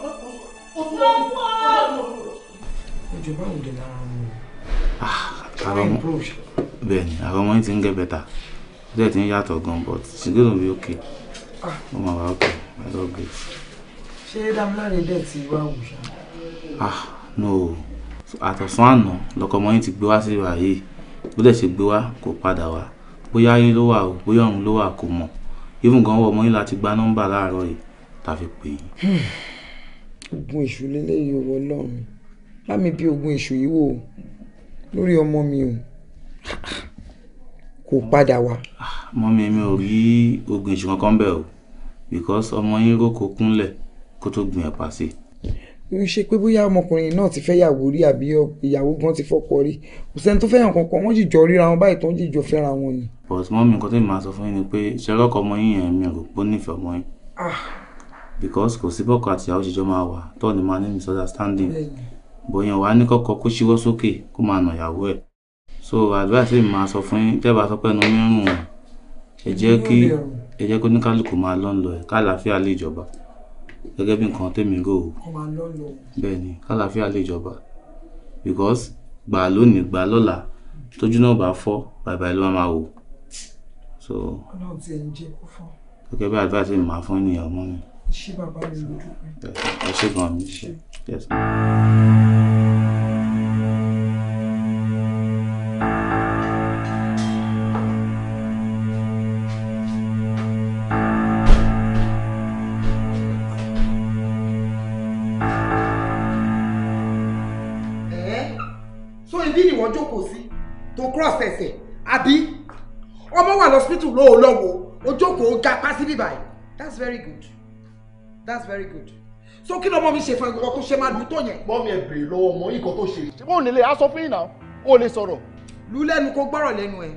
Ah, báwo lè lára wọn. àwọn ọmọ bẹ́ẹ̀ ni àwọn ọmọ yìí ti ń gẹ bẹta but she's gonna be okay ah. ó máa wà okay my She
damn ṣé dámilárè debt ti wá òòṣà.
ah no àtọ̀sán àná lọkọ ọmọ yìí ti gbé wá sí ìwà yìí bó dẹ̀ ṣe gbé wá kò padà wá bóyá ayé ló wà o bóyá ọ̀run ló wà kò mọ̀ even gan wọ ọmọ yìí láti gba nọ́mbà láàárọ̀ yìí tá a
ogun èṣù lélẹ́yìí ọwọ́ ọlọ́run bá mi bí ogun èṣù yìí wò lórí ọmọ mi o kò padà wá.
mọ́mí mi ò rí ogun èṣù kankan bẹ́ẹ̀ o because ọmọ yín rókò kúnlẹ̀ kó tó gbìn ẹ̀pà sí
i ń ṣe pé bóyá ọmọkùnrin náà ti fẹ́ yàwó rí àbí ìyàwó gan ti fọ́kọ rí kò sẹ́ni tó fẹ́yàn kankan wọ́n jìjọ ríra wọn báyìí tó ń jìjọ fẹ́ra wọn ni.
but mọ́mí nǹkan tí màá sọ fún yín ni pé ṣẹlọ́kọ ọmọ yín yẹn mi ò rò pé ó nífẹ̀ẹ́ ọmọ yín. Ah because kò sí bọ́kọ àti ìyàwó ṣèjọ́ máa wà tó ni máa ní misunderstanding bóyá wàá ní kọ́kọ́ kó ṣíwọ́ sókè kó máa nà ìyàwó ẹ̀ so advice mi máa sọ fún yín tẹ́bà sọ pé ẹnu mírùn ẹ̀ ẹ jẹ́ kí ẹ jẹ́ kó ní kálukú máa lọ́n lọ ẹ̀ kálàáfíà lè jọba gẹ́gẹ́ bí nǹkan tèmi rò ó bẹ́ẹ̀ ni kálàáfíà lè jọba because gbà lónìí gbà lọ́la tójú náà bá fọ́ bàbá ẹ̀ ló máa wò so gẹ́gẹ́ bí advice mi máa fún ènìyàn mọ́ mi
ṣé bàbá mi ló dúpẹ́.
ẹ ṣe gan-an mi ṣe.
that's very good so kí lọmọ mi ṣe fún ẹgbẹ́ kó ṣe máa lù tó yẹn. bọ́ọ̀mì ẹ̀ bèrè lọ́wọ́ ọmọ yìí kan tó ṣe. ṣé bóun nílé aṣọ fún ìnáwó ó lè sọ̀rọ̀. lù lẹ́nu kó gbọ́rọ̀ lẹ́nu ẹ̀.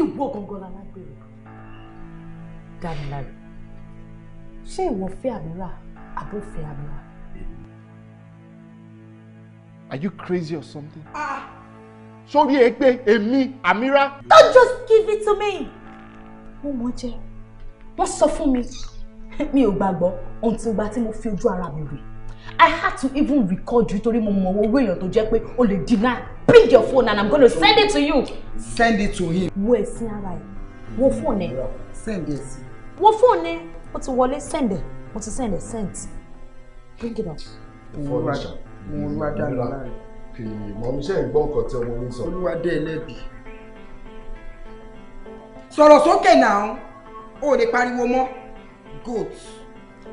ìwọ gangan la máa gbèrò. dániláre ṣé ìwọ fẹ́ àmìlà àbó fẹ́ àmìlà. are you crazy or something. Ah. sórí ẹ pé èmi Amira. don't just give it to me. mo mọ̀ jẹ́ wọ́n sọ fún mi. mi ò gbàgbọ́ until ìgbà tí mo fi ojú ara mi rí i had to even record you torí mo mọ owó èèyàn tó jẹ́ pé o lè deny pick your phone and i'm gonna send it to you. send it to him. wo ẹ̀sìn ara ẹ̀ wo fóònù ẹ̀. send it. wo fóònù ẹ̀ o ti wọlé send ẹ̀ mo ti send ẹ̀ send bring it up. mo rada mo rada lọ láàrin. kìnìún mọ̀mí ṣe ń gbọ́ nǹkan tí ọmọ mi sọ. olúwadé ẹlẹ́bi. sọ̀rọ̀ sókè náà o ò lè pariwo mọ́ goat.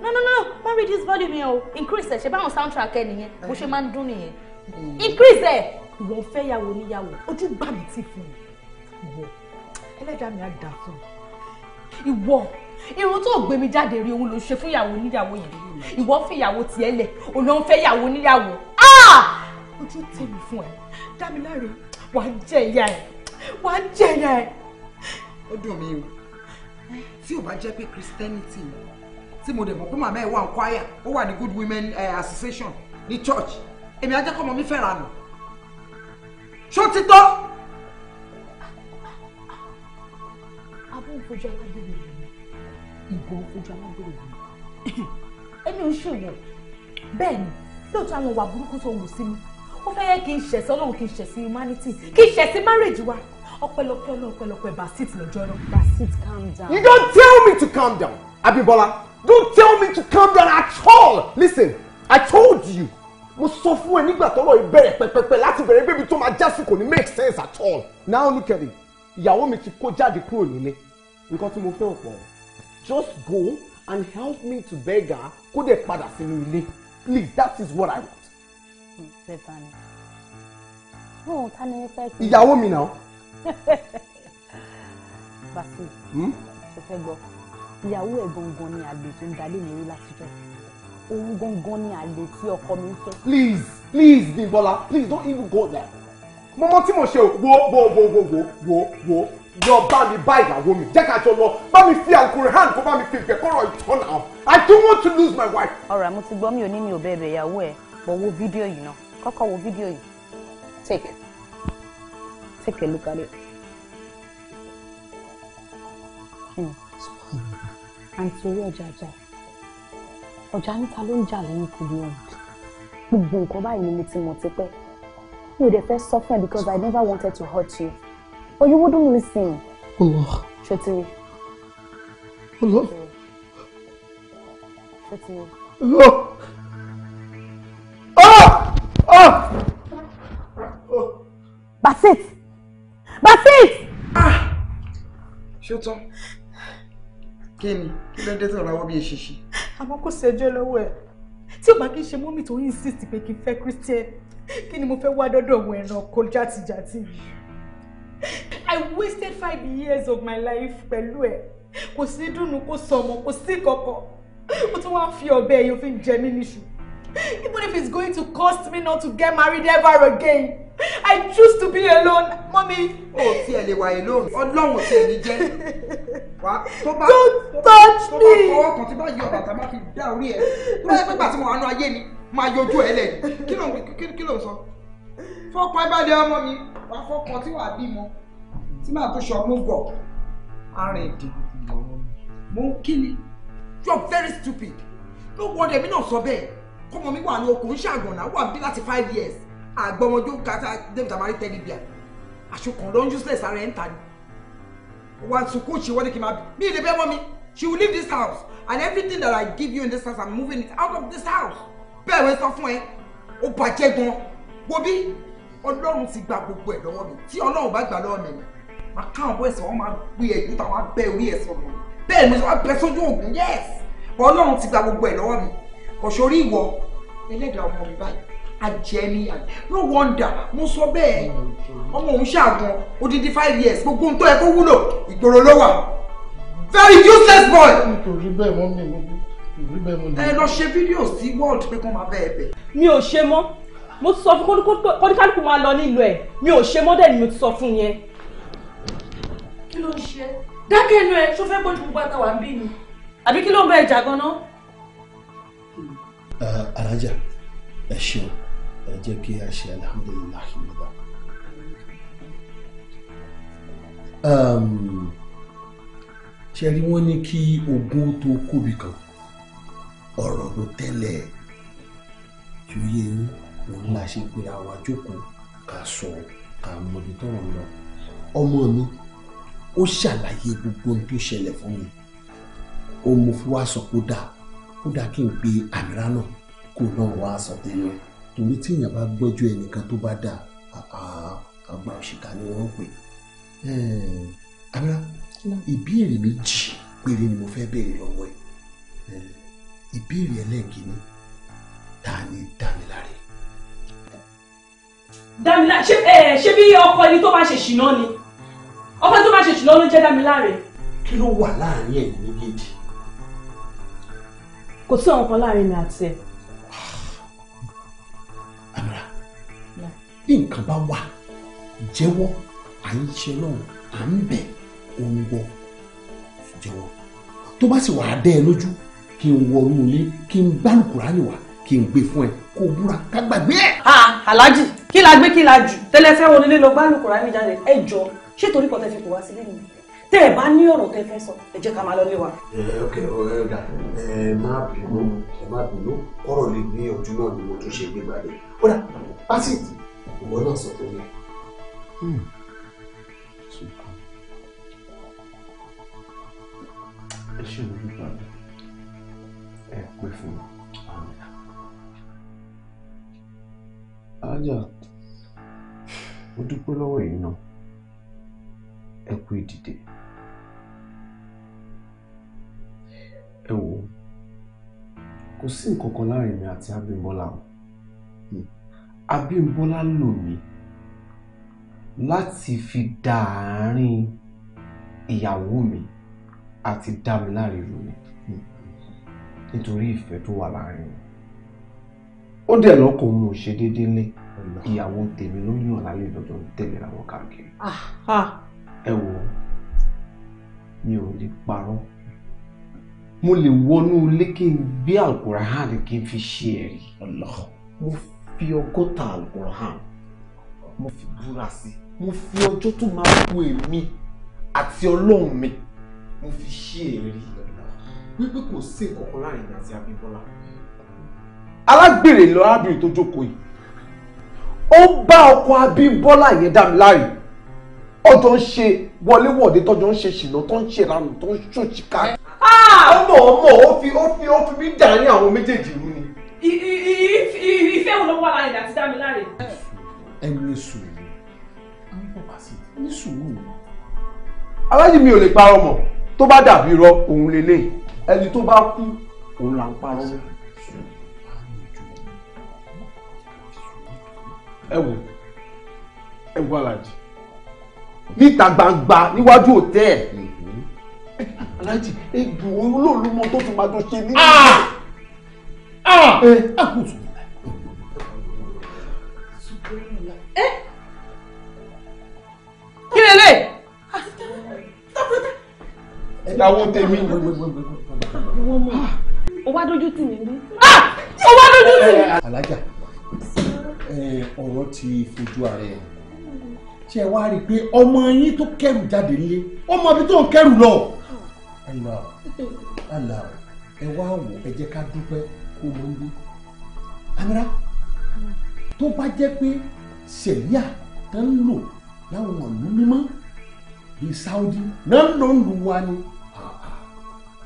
no no no má reduce volume yẹn o oh. increase ẹ ṣe báwọn soundtrack ẹ nìyẹn bó ṣe máa ń dún nìyẹn mm. increase ẹ ìwọ fẹ́ yàwó níyàwó ojú gbà mí ti fún ìwọ ẹlẹ́dàá mi á dà fún Iwo, irun tó gbé mi jáde rí òun ló ṣe fún ìyàwó níyàwó yẹn Iwo, fi ìyàwó tiẹ̀ lẹ̀ òun ló ń fẹ́ ìyàwó níyàwó ah! ojú tèmi fún ẹ dámiláre wàá jẹ ìyá ẹ wàá jẹ ìyá ẹ. ó dùn mí o tí ò bá jẹ́ pé christianity ni tí mo dẹ̀ mọ̀ pé màmá ẹ̀ wà ń kwaya ó wà ní good women uh, association ní church èmi ajẹ́kọ̀ọ́mọ mi fẹ́ ranù ṣó ti tọ́. abọ́ ìfojú alágbèrè yìí ìbọn ìfojú alágbèrè yìí èmi ò ṣòyàn bẹ́ẹ̀ ni lóòótọ́ àwọn ìwà burúkú tó wù sí mi ó fẹ́ kí n ṣẹ̀sí ọlọ́run kí n ṣẹ̀sí humanity kí n ṣẹ̀sí marriage wa ọpẹ́lọpẹ́ ọlọ́run ọpẹ́lọpẹ́ basit lọ́jọ́ náà. basit calm down. you don't tell me to calm down Abímbọ́lá don't tell me to calm down at all listen i told you mo sọ fún ẹ nígbà tọ́rọ̀ ìbẹ̀rẹ̀ pẹpẹpẹ láti bẹ̀rẹ̀ bébí tó máa jásí kò ní make sense at all now look at it ìyàwó mi ti kó jáde kúrò nílé nǹkan tí mo fẹ́ ọ̀pọ̀ just go and help me to beg her kó dẹ̀ padà sínú ilé please that is what i want.
Hmm, ìyàwó mi náà.
basi hmm? ṣe fẹ́ gbọ́ ìyàwó ẹ̀ gangan ni àlè tó ń dalé mi rí látijọ́ òun gangan ni àlè tí ọkọ mi ń fẹ́. please please Bimbola please don't even go there mọmọ tí mo ṣe wo wo wo wo wo wo wo lọ bá mi bá ìyàwó mi jẹ́ ká jọ lọ bá mi fi Al-Qur'an kó bá mi fi ìfẹ́ kọ́rọ̀ ìtọ́nà i don't want to lose my wife. ọ̀rọ̀ àmú ti gbọ́ mi ò ní mi ò bẹ̀rẹ̀ ìyàwó ẹ̀ but wo video, yìí náà kọ́kọ́ wo video. yìí take take a look at it àǹtí hmm. orí ọjà jà ọjà níta ló ń jà lẹ́yìn kùdí ọ̀hún gbogbo nǹkan báyìí ni mo ti mọ̀ tipẹ́ mi ò dẹ̀ fẹ́ sọ because I never wanted to hurt you but you wouldn't listen. ṣètìrì. ṣètìrì.
ṣètìrì.
Oh! Oh! Basit! Basit! Ah! Ṣé o tán? Kí ni? Kí ló dé shishi. lọ́wọ́ bí eṣinṣin? Àmọ́ kò sí ẹjọ́ lọ́wọ́ ẹ̀. Tí ò bá kí n insist to kí n fẹ́ Christian, kí ni mo fẹ́ wá dọ́dọ̀ òun ẹ̀ràn jati. játijàti? I wasted five years of my life pẹ̀lú ẹ̀. Kò sí dùnú, kò sọ̀mọ̀, kò sí kọ̀kọ̀. fi ọ̀bẹ ẹ̀yọ́ fi ń jẹ mí Even if it's going to cost me not to get married ever again, I choose to be alone, mommy. O ti ẹ e lè wà alone. Ọlọ́run ti ẹni e What? Don't touch me! Don't touch me. Tó bá fọwọ́ kan tí bá yọ bàtà máa fi dá orí ẹ̀. Tó bá yẹ pé pàtí mo wà nú ayé mi, máa yọjú ẹ lẹ̀. Kí ló kí ló ń sọ? Fọ́pọ̀ ìbàdàn ọmọ mi, wà fọ́kàn tí wàá bímọ. Tí màá tó sọ mú gọ̀. Arìn dìbò. Mo ń kí ni. You are very stupid. Ló wọ́n dẹ̀ mí náà sọ bẹ́ẹ̀ kọ́mọ mi wà ní okùn ṣàgànná wà bí láti five years àgbọmọjó kata david amari tẹ́lẹ̀ bíà àṣokàn ló ń useless ara ẹ̀ ń ta ni wà sùkúù ṣe wọ́n ní kí n máa bí ilé bẹ́ẹ̀ mọ́ mi she will leave this house and everything that i give you in this house i'm moving it out of this house bẹ́ẹ̀ wẹ́n sọ fún ẹ ó bàjẹ́ gan wo bí ọlọ́run ti gba gbogbo ẹ̀ lọ́wọ́ mi tí ọlọ́run bá gbà lọ́wọ́ mi ni màá káwọn bọ́ ẹ̀sán wọn máa gbé ẹ̀jú táwọn abẹ́ ìwé ẹ̀sán mi bẹ́ẹ̀ ni wọ́n bẹ sójú òògùn yẹ́ẹ̀sì ọlọ́run ti gba gbogbo ẹ̀ lọ́wọ́ mi ọ̀ṣọ́rí ìwọ ẹlẹ́dàá ọmọ mi báyìí ajẹni àná no wonder mo sọ bẹ́ẹ̀ ọmọ òun ṣàgùn odidi five years gbogbo ohun tó yẹ kó wúlò ìgboro ló wà very useless boy. nítorí bẹ́ẹ̀ wọ́n mi mo nítorí bẹ́ẹ̀ mo ní. ẹ lọ ṣe fídíò sí world pé kó máa bẹ́ẹ̀ bẹ̀. mi ò ṣe mọ́ mo sọ fún kọ́díkálùkù máa lọ nílùú ẹ̀ mi ò ṣe mọ́ dẹ̀ ni mo ti sọ fún yẹn. kí ló ń ṣe dákẹ́ inú ẹ tó fẹ́ gbójú gbogbo àtàwà ń bí ni. àbí kí ló ń bẹ ìjà gan-an
alájà ẹ ṣeun ẹ jẹ́ kí a ṣe alihamudulilayi
nígbà. ṣe rí wọ́n ní kí ogún tó kóbi kan ọ̀rọ̀ tẹ́lẹ̀ tó yé ṣe pé ká sọ ká ó ṣàlàyé gbogbo ohun tó ṣẹlẹ̀ fún mi ó mú fún ó dáa kí n pe àmìrá náà kó náà wá sọ tẹnu ẹ torí tí èèyàn bá gbẹ́jọ́ ẹnìkan tó bá dáa àgbà òṣìkà ni wọ́n ń pè àmìrá ìbéèrè méjì péré ni mo fẹ́ béèrè lọ́wọ́ ẹ ìbéèrè ẹlẹ́ẹ̀kínní ta ni Dámiláre. Dámiláre ṣé ẹ ṣé bí ọkọ ẹni tó máa ṣe ṣìná ni ọkọ ẹni tó máa ṣe ṣìná ló jẹ́ Dámiláre. kí ló wà láàrin ẹ̀yin méjèèjì kò sí ọ̀rọ̀ kan láàrin mi àti ẹ̀. amira bí nǹkan bá wà jẹ́wọ́ à ń ṣe náà à ń bẹ̀ òun gbọ́ jẹ́wọ́ tó bá sì wà á dẹ́ ẹ lójú kí n wọ inú ilé kí n gbálùkùrá lè wà kí n gbé fún ẹ kó búra ká gbàgbé ẹ. aláàjì kí la gbé kí la jù tẹ́lẹ̀ fẹ́ wọlé lọ gbálùkùrá ní jáde ẹ jọ ṣé torí kọ́tẹ́ fi kò wá sílé nìyẹn tẹ́ ẹ bá ní ọ̀rọ̀ tẹ́ fẹ́ sọ ẹ jẹ́ ká máa lọ lé ok ọ̀rẹ́ ọ̀dà ẹ má bínú ẹ má bínú kọ́rọ̀ lè ní ọdún náà ni mo tún ṣe gbégbá rẹ̀ kódà pásítì ìwọ náà sọ fún mi. Hmm. ẹ ṣe lójú kan ẹ pè fún mi. ajá mo dúpẹ́ lọ́wọ́ yìí náà ẹ kú ìdìde. ẹ wò ó kò sí nǹkan kan láàrin mi àti Abímbọ́lá o hmm. Abímbọ́lá lò mí láti fi dá àárín ìyàwó mi àti dá mi láre rò ni nítorí ìfẹ́ tó wà láàrin wọn ó dẹ̀ lọ́kọ̀ mú un ṣe déédéé lé ìyàwó tèmi ló yàn lálẹ́ lọ́jọ́ tẹ̀lé àwọn káàkiri ẹ wò mi ò lè parọ́ mo lè wọnú ilé kí n gbé alukurahan kí n fi ṣe ẹ̀rí mo fi ọgọ́ta alukurahan mo fi búra sí mo fi ọjọ́ tó máa kú èmi àti ọlọ́run mi mo fi ṣe ẹ̀rí wípé kò sí ìkọ̀kọ̀ láàrin mi àti Abímbọ́lá alágbèrè lọ arábìnrin tó jókòó yìí ó bá ọkọ Abímbọ́lá yẹn dá mi láàyè ọjọ́ ń ṣe wọléwọ̀de tọ́jọ́ ń ṣe ṣìnà tó ń ṣèrànù tó ń ṣòṣìkà ó ah! mọ̀ ó mọ̀ ó fi ó fi ó fi mí dà ní àwọn méjèèjì rú ni. ìfẹ́ wo ló wà láyé àti dá mi láre. ẹ ní sùúrù àwọn bàbá sí ní sùúrù. aláàjì mi ò lè parọ́ mọ̀ tó bá dàbí irọ́ òun lélẹ̀ ẹni tó bá kú òun là ń parọ́ mọ́. ẹ wò ẹ wò aláàjì níta gbangba níwájú òtẹ́ẹ̀lì aláàjì egbò olóòlù mọ tó tún máa tó ṣe ní. Ah! Ah! Eh, ẹ kò tún. Eh? kí lè lè. ìyàwó tèmi. o ah! wá dójú tì mí bí. o wá dójú tì mí. Eh, alájà ọ̀rọ̀ ti fojú ara ẹ̀ ṣe wá rí i pé ọmọ yín tó kẹrù jáde nílé ọmọ ibi tó ń kẹrù lọ. àlà àlà ẹ wá wò ẹ jẹ́ ká dúpẹ́ kó ló ń gbé. amira tó bá jẹ́ pé sẹ̀ríà tó ń lò láwọn ọ̀lú mímọ́ bíi Saudi náà ló ń lu wa ni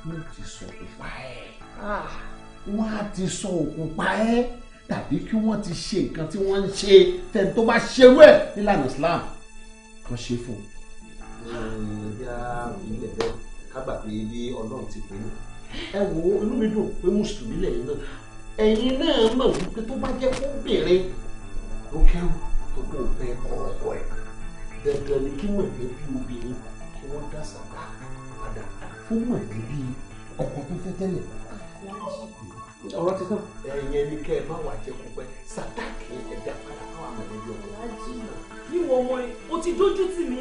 wọ́n ti sọ òkúpa ẹ̀ wọ́n á ti sọ òkúpa ẹ̀ ah. tàbí kí wọ́n ti ṣe nǹkan tí wọ́n ń ṣe tẹ̀ni tó bá ṣerú ẹ̀ nílànà Islam kan ṣe fún un. ẹ wo inú mi dùn pé mùsùlùmí lẹ́yìn náà ẹ̀yin náà mọ̀ wípé tó bá jẹ́ kó bèrè ló tó kó fẹ́ ọ̀rọ̀ ẹ̀ dandan ni kí mọ̀lẹ́bí obìnrin kí wọ́n dá sàkà padà fún mọ̀lẹ́bí ọkọ tó fẹ́ tẹ́lẹ̀ ọ̀rọ̀ ti tán ẹ̀yìn ẹni kẹ́ ẹ má wà jẹ́ kó pẹ́ sàtàkì ẹ̀dá padà káwọn mọ̀lẹ́bí ọkọ níwọ ọmọ yìí o ti dójú tì mí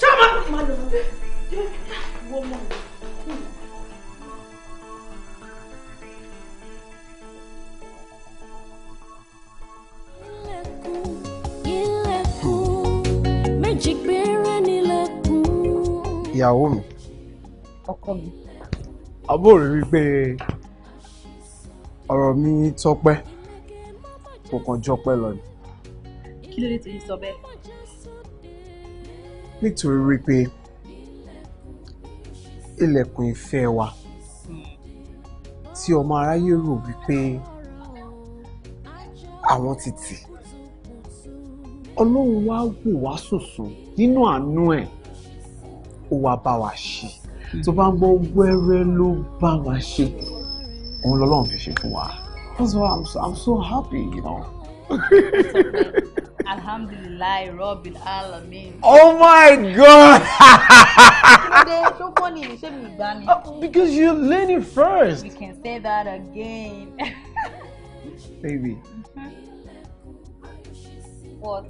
ṣáàmà ah! ah! má lọ wọ ọmọ ìyàwó mi. ọkọ mi. àbúrò rí pé ọ̀rọ̀ mi tọ́pẹ́ kò kàn jọpẹ́ lọ ni kí ló dé tó yẹ sọ bẹ́ẹ̀. nítorí wípé ilẹ̀kùn ìfẹ́ wa tí ọmọ aráyé rò wípé àwọn ti tì ọlọ́run wá wò wá sùnsùn nínú àánú ẹ̀ ó wá bá wa ṣe tó bá ń gbọ́ wẹ́rẹ́ ló bá wa ṣe òun lọ́lọ́run fi ṣe fún wa that's why I'm so, I'm so happy you know. alhamdulilayi robin alamin. oh my god. ṣé tó kọ́ ni ṣé mi oh, because you learn it first. We can say that again. baby. what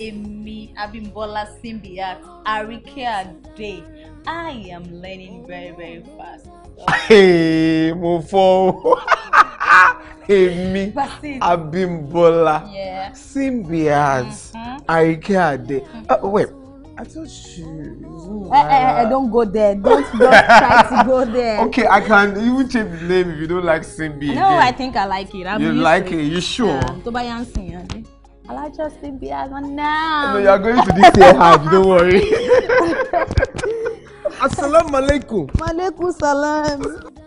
Emi Abimbola Simbiat Arike Ade I am learning very very fast. mo fọ́ o. Èmi Abimbola, Simbiat Àyìnkẹ́ Adé wait
I thought she. Uh, uh, uh, don't go there. Don't, don't try to go there. Okay, I can even change the name if you don't like Simbi. No, I
think I like it. I'm you like it. You sure? To buy yàn sìn yàn I like just Simbi as now. No, you are going to this year hard. Don't worry. Assalamu alaikum. Wa alaikum